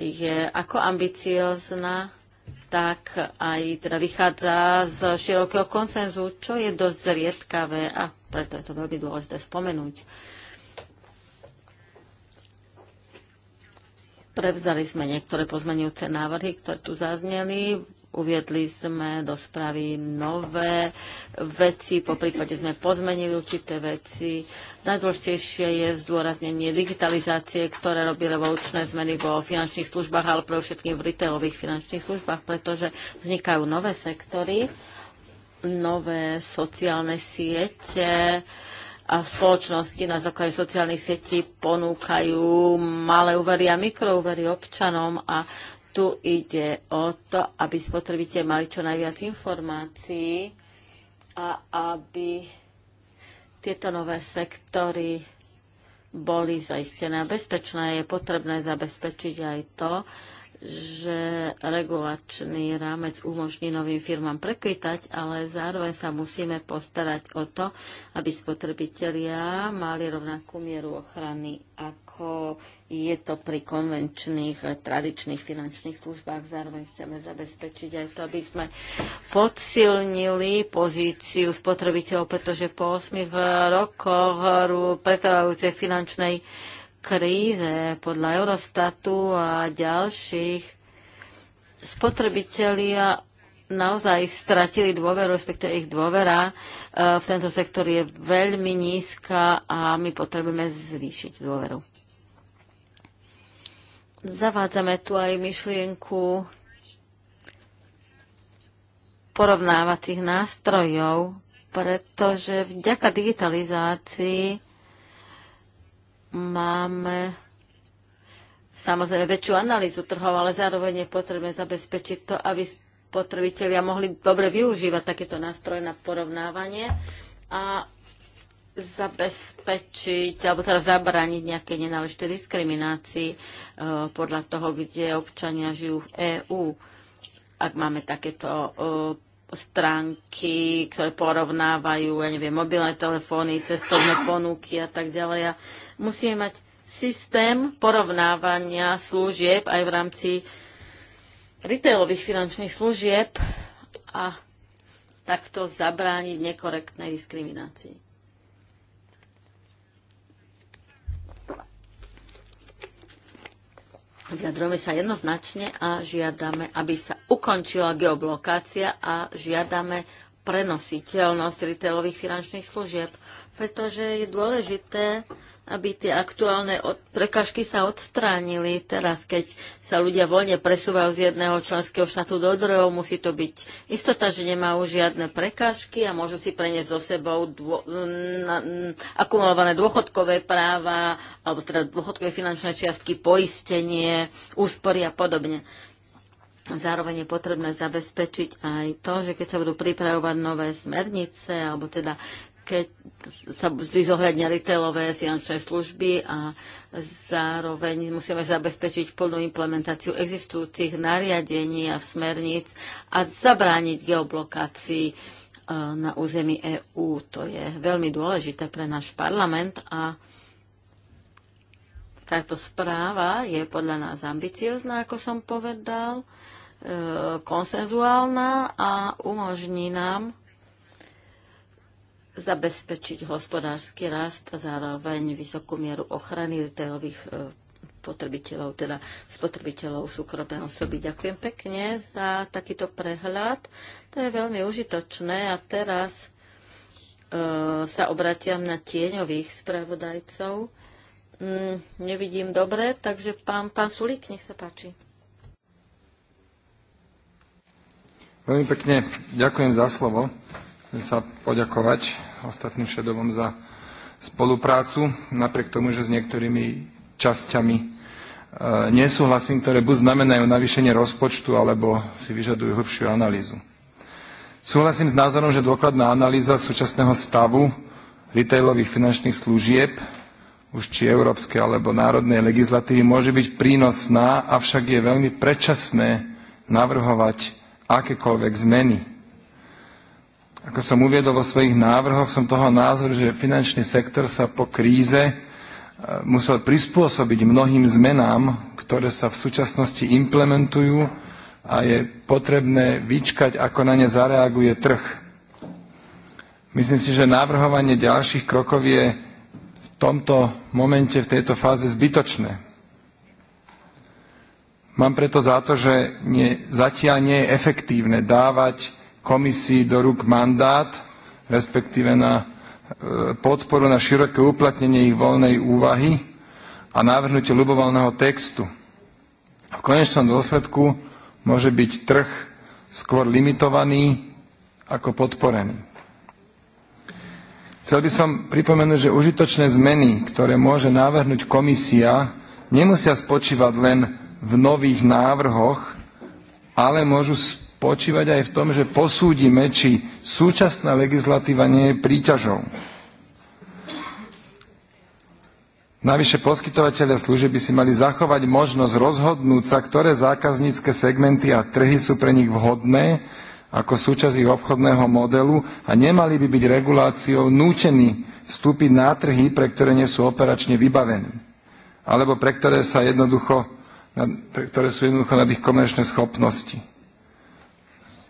je ako ambiciozná, tak aj teda vychádza z širokého konsenzu, čo je dosť zriedkavé a preto je to veľmi dôležité spomenúť. Prevzali sme niektoré pozmenujúce návrhy, ktoré tu zazneli. Uviedli sme do správy nové veci, po prípade sme pozmenili určité veci. Najdôležitejšie je zdôraznenie digitalizácie, ktoré robí revolučné zmeny vo finančných službách, ale pre všetkým v retailových finančných službách, pretože vznikajú nové sektory, nové sociálne siete, a spoločnosti na základe sociálnych sietí ponúkajú malé úvery a mikroúvery občanom a tu ide o to, aby spotrebiteľ mali čo najviac informácií a aby tieto nové sektory boli zaistené a bezpečné. Je potrebné zabezpečiť aj to, že regulačný rámec umožní novým firmám prekvitať, ale zároveň sa musíme postarať o to, aby spotrebitelia mali rovnakú mieru ochrany ako je to pri konvenčných, eh, tradičných finančných službách. Zároveň chceme zabezpečiť aj to, aby sme podsilnili pozíciu spotrebiteľov, pretože po 8 eh, rokoch pretrvajúcej finančnej kríze podľa Eurostatu a ďalších spotrebitelia naozaj stratili dôveru, respektíve ich dôvera eh, v tento sektor je veľmi nízka a my potrebujeme zvýšiť dôveru zavádzame tu aj myšlienku porovnávacích nástrojov, pretože vďaka digitalizácii máme samozrejme väčšiu analýzu trhov, ale zároveň je potrebné zabezpečiť to, aby spotrebitelia mohli dobre využívať takéto nástroje na porovnávanie a zabezpečiť alebo teda zabrániť nejaké nenáležitej diskriminácii eh, podľa toho, kde občania žijú v EÚ. Ak máme takéto eh, stránky, ktoré porovnávajú, ja neviem, mobilné telefóny, cestovné ponuky a tak ďalej. A musíme mať systém porovnávania služieb aj v rámci retailových finančných služieb a takto zabrániť nekorektnej diskriminácii. Vyjadrujeme sa jednoznačne a žiadame, aby sa ukončila geoblokácia a žiadame prenositeľnosť retailových finančných služieb pretože je dôležité, aby tie aktuálne prekažky sa odstránili. Teraz, keď sa ľudia voľne presúvajú z jedného členského štátu do druhého, musí to byť istota, že nemá už žiadne prekažky a môžu si preniesť so sebou dô, na, akumulované dôchodkové práva, alebo teda dôchodkové finančné čiastky, poistenie, úspory a podobne. Zároveň je potrebné zabezpečiť aj to, že keď sa budú pripravovať nové smernice alebo teda keď sa vždy zohľadňa retailové finančné služby a zároveň musíme zabezpečiť plnú implementáciu existujúcich nariadení a smerníc a zabrániť geoblokácii e, na území EÚ. To je veľmi dôležité pre náš parlament a táto správa je podľa nás ambiciozná, ako som povedal, e, konsenzuálna a umožní nám zabezpečiť hospodársky rast a zároveň vysokú mieru ochrany retailových spotrebiteľov, e, teda spotrebiteľov súkromné osoby. Ďakujem pekne za takýto prehľad. To je veľmi užitočné a teraz e, sa obratiam na tieňových spravodajcov. Mm, nevidím dobre, takže pán, pán Sulík, nech sa páči. Veľmi pekne ďakujem za slovo sa poďakovať ostatným šedovom za spoluprácu, napriek tomu, že s niektorými časťami e, nesúhlasím, ktoré buď znamenajú navýšenie rozpočtu, alebo si vyžadujú hĺbšiu analýzu. Súhlasím s názorom, že dôkladná analýza súčasného stavu retailových finančných služieb, už či európskej alebo národnej legislatívy, môže byť prínosná, avšak je veľmi predčasné navrhovať akékoľvek zmeny ako som uviedol vo svojich návrhoch, som toho názoru, že finančný sektor sa po kríze e, musel prispôsobiť mnohým zmenám, ktoré sa v súčasnosti implementujú a je potrebné vyčkať, ako na ne zareaguje trh. Myslím si, že navrhovanie ďalších krokov je v tomto momente, v tejto fáze zbytočné. Mám preto za to, že nie, zatiaľ nie je efektívne dávať komisii do rúk mandát, respektíve na e, podporu na široké uplatnenie ich voľnej úvahy a navrhnutie ľubovoľného textu. V konečnom dôsledku môže byť trh skôr limitovaný ako podporený. Chcel by som pripomenúť, že užitočné zmeny, ktoré môže navrhnúť komisia, nemusia spočívať len v nových návrhoch, ale môžu spočívať aj v tom, že posúdime, či súčasná legislatíva nie je príťažou. Navyše poskytovateľia služieb by si mali zachovať možnosť rozhodnúť sa, ktoré zákaznícke segmenty a trhy sú pre nich vhodné ako súčasť ich obchodného modelu a nemali by byť reguláciou nútení vstúpiť na trhy, pre ktoré nie sú operačne vybavení alebo pre ktoré, sa jednoducho, pre ktoré sú jednoducho nad ich komerčné schopnosti.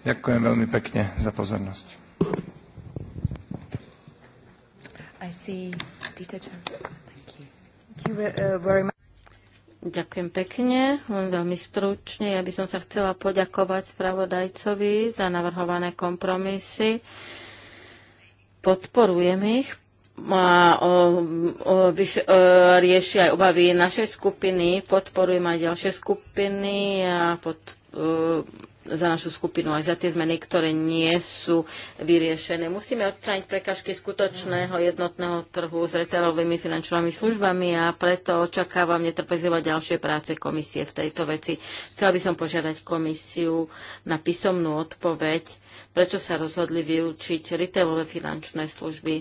Ďakujem veľmi pekne za pozornosť. I see Dita Thank you. Thank you uh, very much. Ďakujem pekne, len veľmi stručne. Ja by som sa chcela poďakovať spravodajcovi za navrhované kompromisy. Podporujem ich, A, o, o, vyš, o, rieši aj obavy našej skupiny, podporujem aj ďalšie skupiny a pod, o, za našu skupinu, aj za tie zmeny, ktoré nie sú vyriešené. Musíme odstrániť prekažky skutočného jednotného trhu s retailovými finančnými službami a preto očakávam netrpezlivo ďalšie práce komisie v tejto veci. Chcela by som požiadať komisiu na písomnú odpoveď, prečo sa rozhodli vylúčiť retailové finančné služby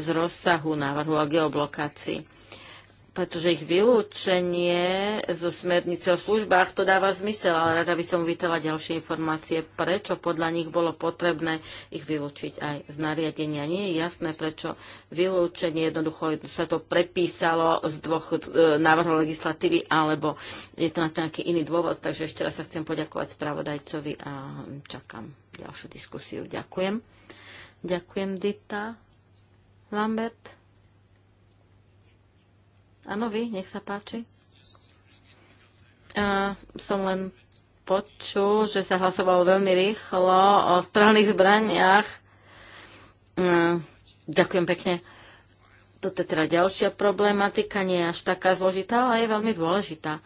z rozsahu návrhu a geoblokácii pretože ich vylúčenie zo smernice o službách to dáva zmysel, ale rada by som uvítala ďalšie informácie, prečo podľa nich bolo potrebné ich vylúčiť aj z nariadenia. Nie je jasné, prečo vylúčenie jednoducho sa to prepísalo z dvoch e, návrhov legislatívy, alebo je to na to nejaký iný dôvod, takže ešte raz sa chcem poďakovať spravodajcovi a čakám ďalšiu diskusiu. Ďakujem. Ďakujem, Dita. Lambert. Áno, vy, nech sa páči. Uh, som len počul, že sa hlasovalo veľmi rýchlo o strelných zbraniach. Mm, ďakujem pekne. Toto je teda ďalšia problematika, nie je až taká zložitá, ale je veľmi dôležitá.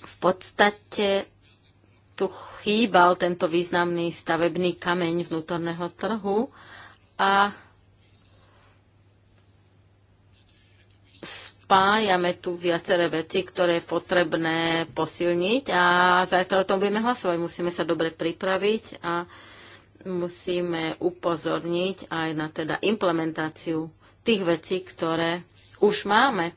V podstate tu chýbal tento významný stavebný kameň vnútorného trhu a spájame tu viaceré veci, ktoré je potrebné posilniť a zajtra o tom budeme hlasovať. Musíme sa dobre pripraviť a musíme upozorniť aj na teda implementáciu tých vecí, ktoré už máme.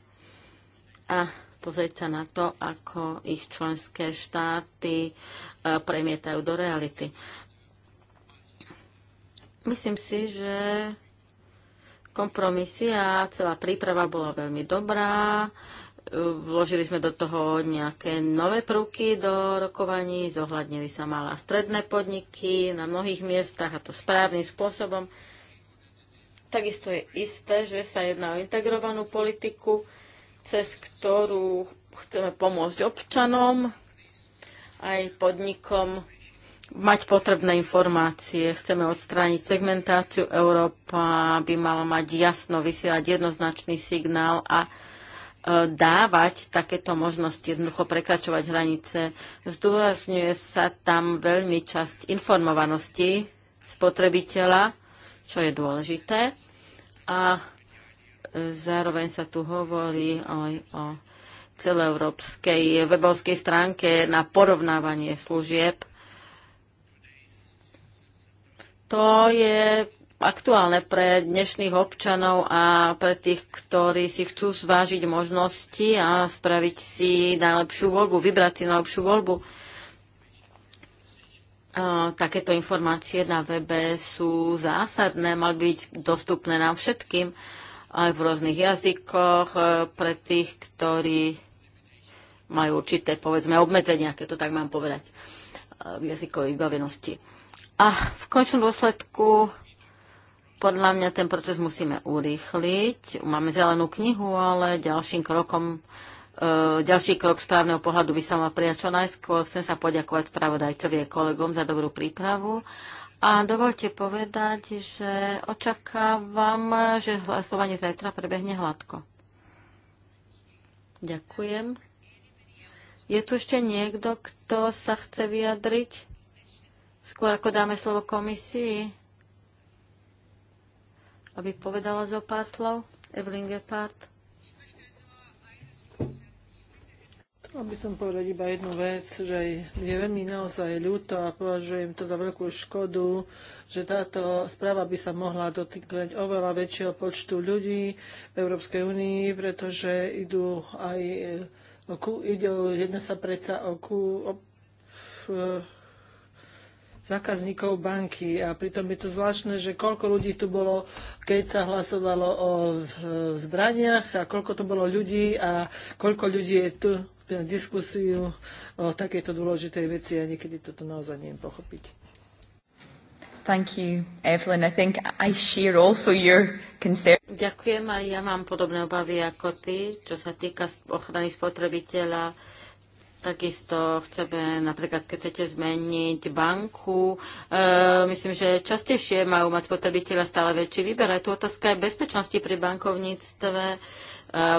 A pozrieť sa na to, ako ich členské štáty e, premietajú do reality. Myslím si, že kompromisy a celá príprava bola veľmi dobrá. Vložili sme do toho nejaké nové prvky do rokovaní, zohľadnili sa malé a stredné podniky na mnohých miestach a to správnym spôsobom. Takisto je isté, že sa jedná o integrovanú politiku, cez ktorú chceme pomôcť občanom, aj podnikom mať potrebné informácie, chceme odstrániť segmentáciu. Európa by mala mať jasno, vysielať jednoznačný signál a e, dávať takéto možnosti, jednoducho prekračovať hranice. Zdôrazňuje sa tam veľmi časť informovanosti spotrebiteľa, čo je dôležité. A e, zároveň sa tu hovorí aj o celoeurópskej webovskej stránke na porovnávanie služieb to je aktuálne pre dnešných občanov a pre tých, ktorí si chcú zvážiť možnosti a spraviť si najlepšiu voľbu, vybrať si najlepšiu voľbu. Takéto informácie na webe sú zásadné, mal byť dostupné nám všetkým, aj v rôznych jazykoch, e, pre tých, ktorí majú určité, povedzme, obmedzenia, keď to tak mám povedať, e, v jazykovej vybavenosti. A v končnom dôsledku podľa mňa ten proces musíme urýchliť. Máme zelenú knihu, ale ďalším krokom e, ďalší krok správneho pohľadu by sa mal prijať čo najskôr. Chcem sa poďakovať spravodajcovi a kolegom za dobrú prípravu. A dovolte povedať, že očakávam, že hlasovanie zajtra prebehne hladko. Ďakujem. Je tu ešte niekto, kto sa chce vyjadriť? Skôr ako dáme slovo komisii, aby povedala zo pár slov, Evelyn Gepard. by som povedať iba jednu vec, že je veľmi naozaj ľúto a považujem to za veľkú škodu, že táto správa by sa mohla dotýkať oveľa väčšieho počtu ľudí v Európskej únii, pretože idú aj, ide, jedna sa predsa o, ku, o, zákazníkov banky. A pritom je to zvláštne, že koľko ľudí tu bolo, keď sa hlasovalo o zbraniach a koľko to bolo ľudí a koľko ľudí je tu na diskusiu o takejto dôležitej veci a niekedy toto naozaj neviem pochopiť. Thank you, Evelyn. I think I share also your concern. Ďakujem a ja mám podobné obavy ako ty, čo sa týka ochrany spotrebiteľa Takisto chceme napríklad, keď chcete zmeniť banku, e, myslím, že častejšie majú mať spotrebiteľa stále väčší výber. Aj tu otázka je bezpečnosti pri bankovníctve, e,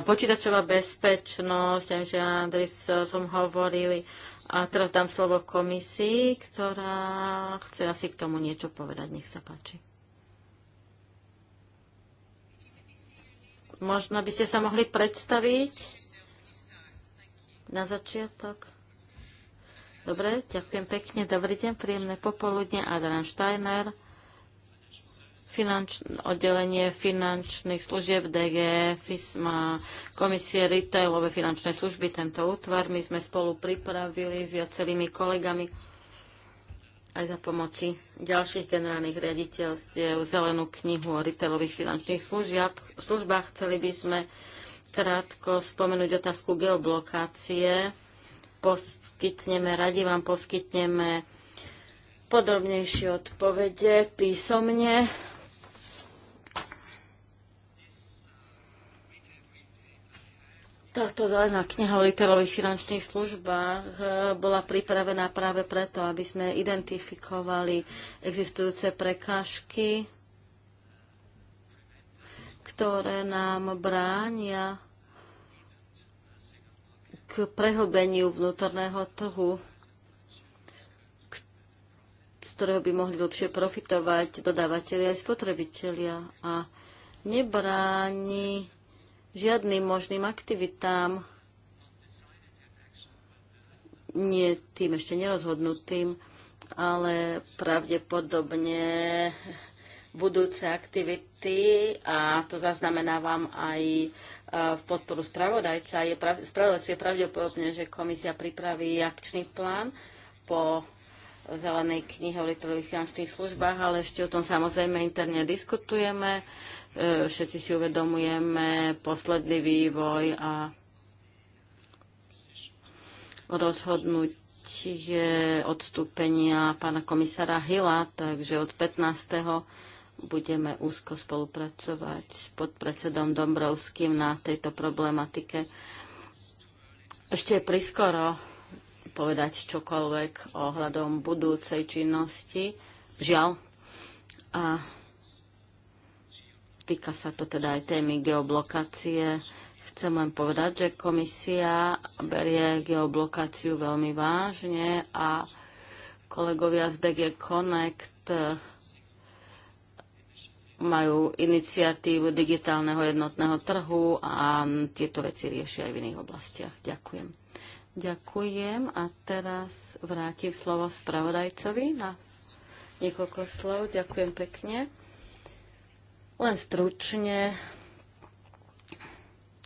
počítačová bezpečnosť, ja že Andris o tom hovorili. A teraz dám slovo komisii, ktorá chce asi k tomu niečo povedať. Nech sa páči. Možno by ste sa mohli predstaviť? na začiatok. Dobre, ďakujem pekne. Dobrý deň, príjemné popoludne. Adrian Steiner, finanč, oddelenie finančných služieb DG, FISMA, komisie retailové finančné služby, tento útvar. My sme spolu pripravili s viacerými kolegami aj za pomoci ďalších generálnych riaditeľstiev zelenú knihu o retailových finančných služiab, službách. Chceli by sme krátko spomenúť otázku geoblokácie. Poskytneme, radi vám poskytneme podrobnejšie odpovede písomne. Táto zelená kniha o literových finančných službách eh, bola pripravená práve preto, aby sme identifikovali existujúce prekážky ktoré nám bránia k prehlbeniu vnútorného trhu, z ktorého by mohli lepšie profitovať dodávateľia aj spotrebitelia a nebráni žiadnym možným aktivitám, nie tým ešte nerozhodnutým, ale pravdepodobne budúce aktivity a to zaznamenávam aj e, v podporu spravodajca. Je prav, spravodajcu je pravdepodobne, že komisia pripraví akčný plán po zelenej knihe o literových finančných službách, ale ešte o tom samozrejme interne diskutujeme. E, všetci si uvedomujeme posledný vývoj a rozhodnutie odstúpenia pána komisára Hila, takže od 15 budeme úzko spolupracovať s podpredsedom Dombrovským na tejto problematike. Ešte je priskoro povedať čokoľvek ohľadom budúcej činnosti. Žiaľ. A týka sa to teda aj témy geoblokácie. Chcem len povedať, že komisia berie geoblokáciu veľmi vážne a kolegovia z DG Connect majú iniciatívu digitálneho jednotného trhu a tieto veci riešia aj v iných oblastiach. Ďakujem. Ďakujem a teraz vrátim slovo spravodajcovi na niekoľko slov. Ďakujem pekne. Len stručne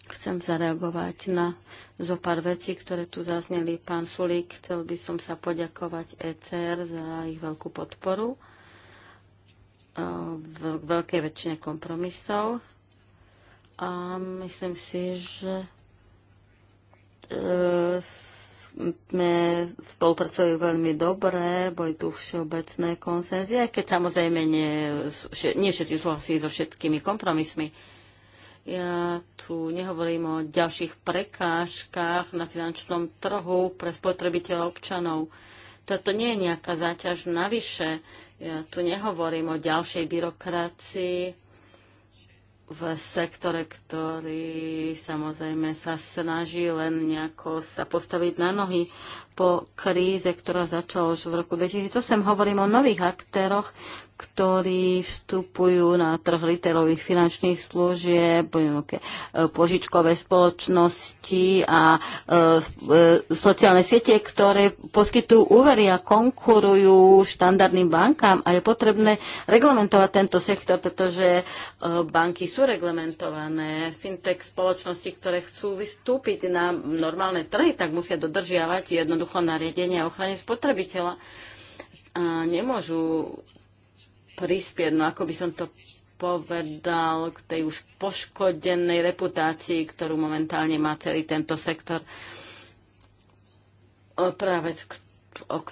chcem zareagovať na zo pár vecí, ktoré tu zazneli. Pán Sulík, chcel by som sa poďakovať ECR za ich veľkú podporu v veľkej väčšine kompromisov a myslím si, že e, sme spolupracovali veľmi dobre, boli tu všeobecné konsenzie, aj keď samozrejme nie, nie všetci súhlasí so všetkými kompromismi. Ja tu nehovorím o ďalších prekážkach na finančnom trhu pre spotrebiteľov občanov. Toto nie je nejaká záťaž navyše. Ja tu nehovorím o ďalšej byrokracii v sektore, ktorý samozrejme sa snaží len nejako sa postaviť na nohy po kríze, ktorá začala už v roku 2008. Hovorím o nových aktéroch, ktorí vstupujú na trh literových finančných služieb, e, požičkové spoločnosti a e, e, sociálne siete, ktoré poskytujú úvery a konkurujú štandardným bankám. A je potrebné reglementovať tento sektor, pretože banky sú reglementované. Fintech spoločnosti, ktoré chcú vystúpiť na normálne trhy, tak musia dodržiavať jednoducho nariadenie a ochrane spotrebiteľa. A nemôžu prispieť, no ako by som to povedal, k tej už poškodenej reputácii, ktorú momentálne má celý tento sektor. Práve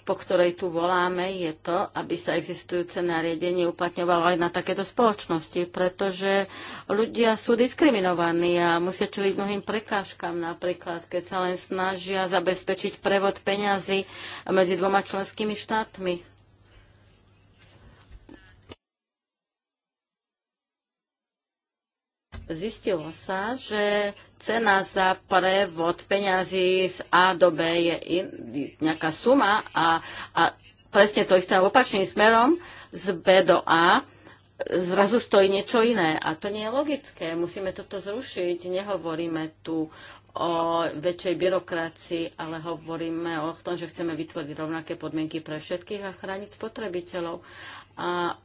po ktorej tu voláme, je to, aby sa existujúce nariadenie uplatňovalo aj na takéto spoločnosti, pretože ľudia sú diskriminovaní a musia čeliť mnohým prekážkam, napríklad keď sa len snažia zabezpečiť prevod peňazí medzi dvoma členskými štátmi Zistilo sa, že cena za prevod peňazí z A do B je in, nejaká suma a, a presne to isté opačným smerom z B do A zrazu stojí niečo iné. A to nie je logické. Musíme toto zrušiť. Nehovoríme tu o väčšej byrokracii, ale hovoríme o tom, že chceme vytvoriť rovnaké podmienky pre všetkých a chrániť spotrebiteľov. A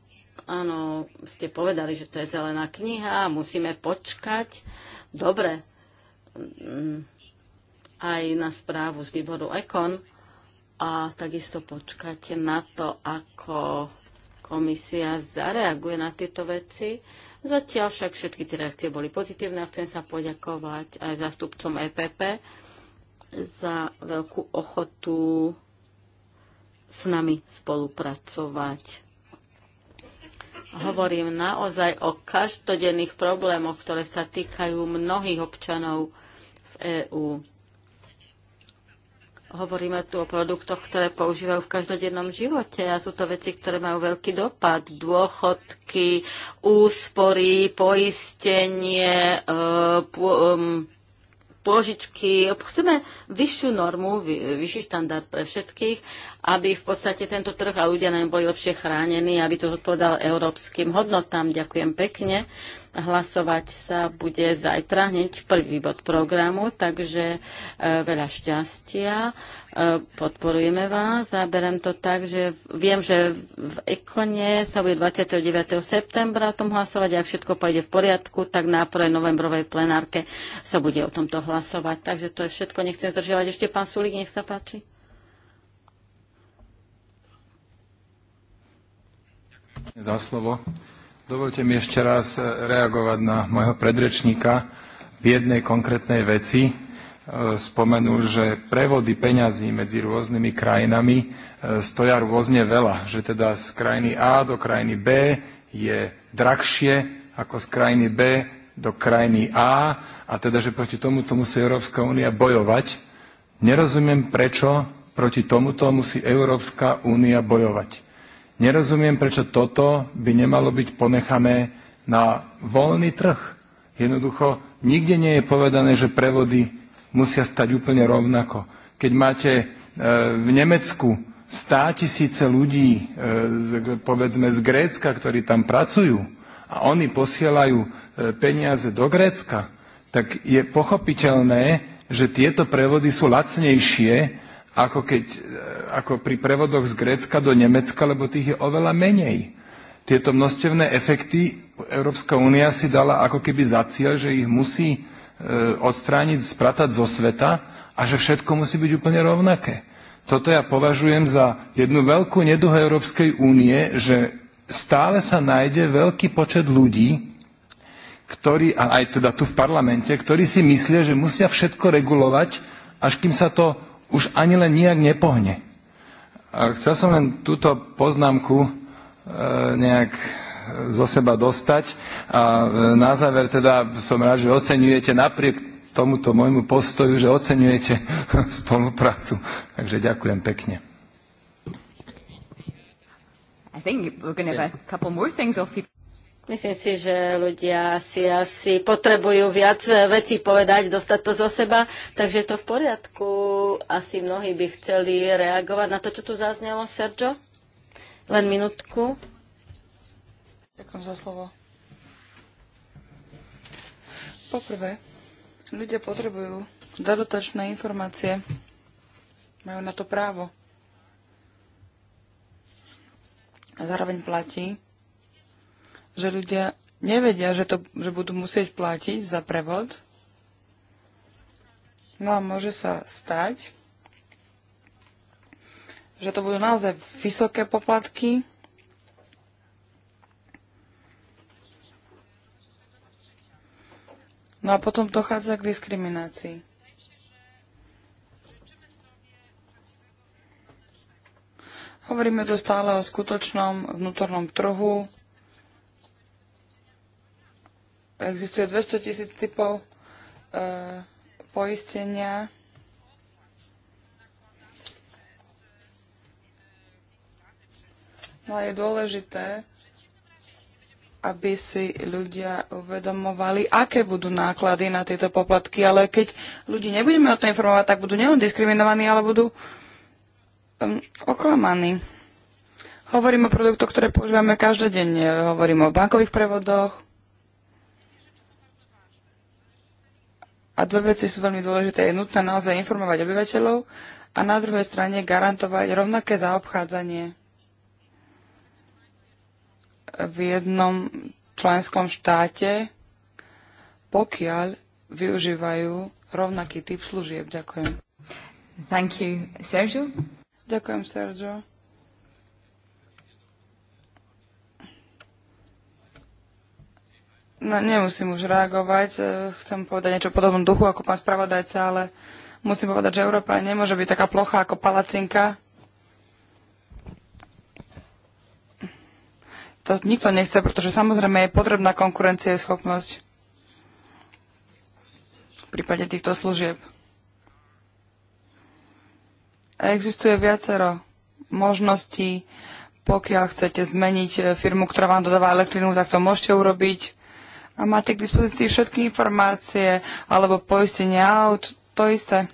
Áno, ste povedali, že to je zelená kniha, musíme počkať. Dobre, mm, aj na správu z výboru Ekon a takisto počkať na to, ako komisia zareaguje na tieto veci. Zatiaľ však všetky tie reakcie boli pozitívne a chcem sa poďakovať aj zástupcom EPP za veľkú ochotu s nami spolupracovať. Hovorím naozaj o každodenných problémoch, ktoré sa týkajú mnohých občanov v EÚ. Hovoríme tu o produktoch, ktoré používajú v každodennom živote a sú to veci, ktoré majú veľký dopad. Dôchodky, úspory, poistenie, e, pôžičky. Chceme vyššiu normu, vyšší štandard pre všetkých, aby v podstate tento trh a ľudia nám boli lepšie chránení, aby to odpovedal európskym hodnotám. Ďakujem pekne. Hlasovať sa bude zajtra hneď prvý bod programu, takže e, veľa šťastia. E, podporujeme vás. Záberem to tak, že viem, že v Ekone sa bude 29. septembra o tom hlasovať. Ak všetko pôjde v poriadku, tak na prvej novembrovej plenárke sa bude o tomto hlasovať. Takže to je všetko. Nechcem zdržiavať. Ešte pán Sulík, nech sa páči. za slovo. Dovolte mi ešte raz e, reagovať na môjho predrečníka v jednej konkrétnej veci. E, spomenul, že prevody peňazí medzi rôznymi krajinami e, stoja rôzne veľa. Že teda z krajiny A do krajiny B je drahšie ako z krajiny B do krajiny A a teda, že proti tomuto musí Európska únia bojovať. Nerozumiem, prečo proti tomuto musí Európska únia bojovať. Nerozumiem, prečo toto by nemalo byť ponechané na voľný trh. Jednoducho, nikde nie je povedané, že prevody musia stať úplne rovnako. Keď máte e, v Nemecku stá tisíce ľudí, e, povedzme z Grécka, ktorí tam pracujú a oni posielajú e, peniaze do Grécka, tak je pochopiteľné, že tieto prevody sú lacnejšie, ako, keď, e, ako pri prevodoch z Grécka do Nemecka, lebo tých je oveľa menej. Tieto množstevné efekty Európska únia si dala ako keby za cieľ, že ich musí e, odstrániť, spratať zo sveta a že všetko musí byť úplne rovnaké. Toto ja považujem za jednu veľkú neduhu Európskej únie, že stále sa nájde veľký počet ľudí, ktorí, a aj teda tu v parlamente, ktorí si myslia, že musia všetko regulovať, až kým sa to už ani len nijak nepohne. A chcel som len túto poznámku e, nejak zo seba dostať a e, na záver teda som rád, že oceňujete napriek tomuto môjmu postoju, že oceňujete spoluprácu. Takže ďakujem pekne. I think we're going to have a couple more things off people. Myslím si, že ľudia si asi potrebujú viac eh, vecí povedať, dostať to zo seba, takže je to v poriadku. Asi mnohí by chceli reagovať na to, čo tu zaznelo, Sergio. Len minútku. Ďakujem za slovo. Poprvé, ľudia potrebujú dodatočné informácie. Majú na to právo. A zároveň platí, že ľudia nevedia, že, to, že budú musieť platiť za prevod. No a môže sa stať, že to budú naozaj vysoké poplatky. No a potom dochádza k diskriminácii. Hovoríme tu stále o skutočnom vnútornom trhu, Existuje 200 tisíc typov e, poistenia. No a je dôležité, aby si ľudia uvedomovali, aké budú náklady na tieto poplatky, ale keď ľudí nebudeme o tom informovať, tak budú nielen diskriminovaní, ale budú um, oklamaní. Hovorím o produktoch, ktoré používame každodenne. Hovorím o bankových prevodoch, A dve veci sú veľmi dôležité. Je nutné naozaj informovať obyvateľov a na druhej strane garantovať rovnaké zaobchádzanie v jednom členskom štáte, pokiaľ využívajú rovnaký typ služieb. Ďakujem. Thank you, Sergio. Ďakujem, Sergio. No, nemusím už reagovať. E, chcem povedať niečo podobnom duchu ako pán spravodajca, ale musím povedať, že Európa nemôže byť taká plochá ako palacinka. To nikto nechce, pretože samozrejme je potrebná schopnosť v prípade týchto služieb. Existuje viacero možností, pokiaľ chcete zmeniť e, firmu, ktorá vám dodáva elektrinu, tak to môžete urobiť a máte k dispozícii všetky informácie alebo poistenie aut, to isté.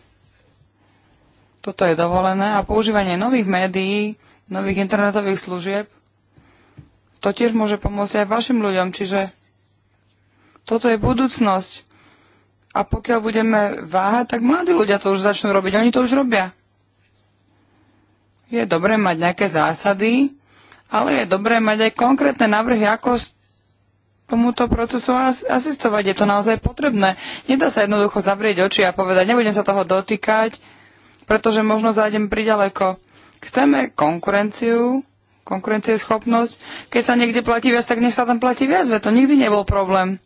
Toto je dovolené a používanie nových médií, nových internetových služieb, to tiež môže pomôcť aj vašim ľuďom, čiže toto je budúcnosť. A pokiaľ budeme váhať, tak mladí ľudia to už začnú robiť, oni to už robia. Je dobré mať nejaké zásady, ale je dobré mať aj konkrétne návrhy, ako tomuto procesu as- asistovať. Je to naozaj potrebné. Nedá sa jednoducho zavrieť oči a povedať, nebudem sa toho dotýkať, pretože možno zájdem priďaleko. Chceme konkurenciu, konkurencieschopnosť. Keď sa niekde platí viac, tak nech sa tam platí viac, veď to nikdy nebol problém.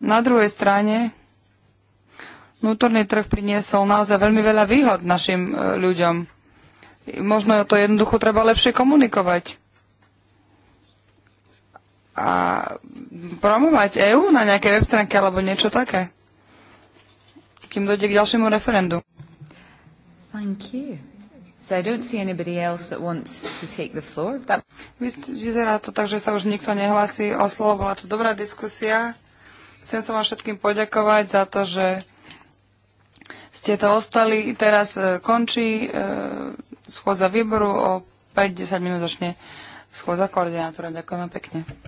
Na druhej strane, vnútorný trh priniesol naozaj veľmi veľa výhod našim e, ľuďom. Možno to jednoducho treba lepšie komunikovať a promovať EÚ na nejakej web stránke alebo niečo také. Kým dojde k ďalšiemu referendu. Thank you. So I don't see anybody else that wants to take the floor. That... Vyzerá to tak, že sa už nikto nehlasí o slovo. Bola to dobrá diskusia. Chcem sa vám všetkým poďakovať za to, že ste to ostali. Teraz e, končí uh, schôdza výboru. O 5-10 minút začne schôdza koordinátora. Ďakujem pekne.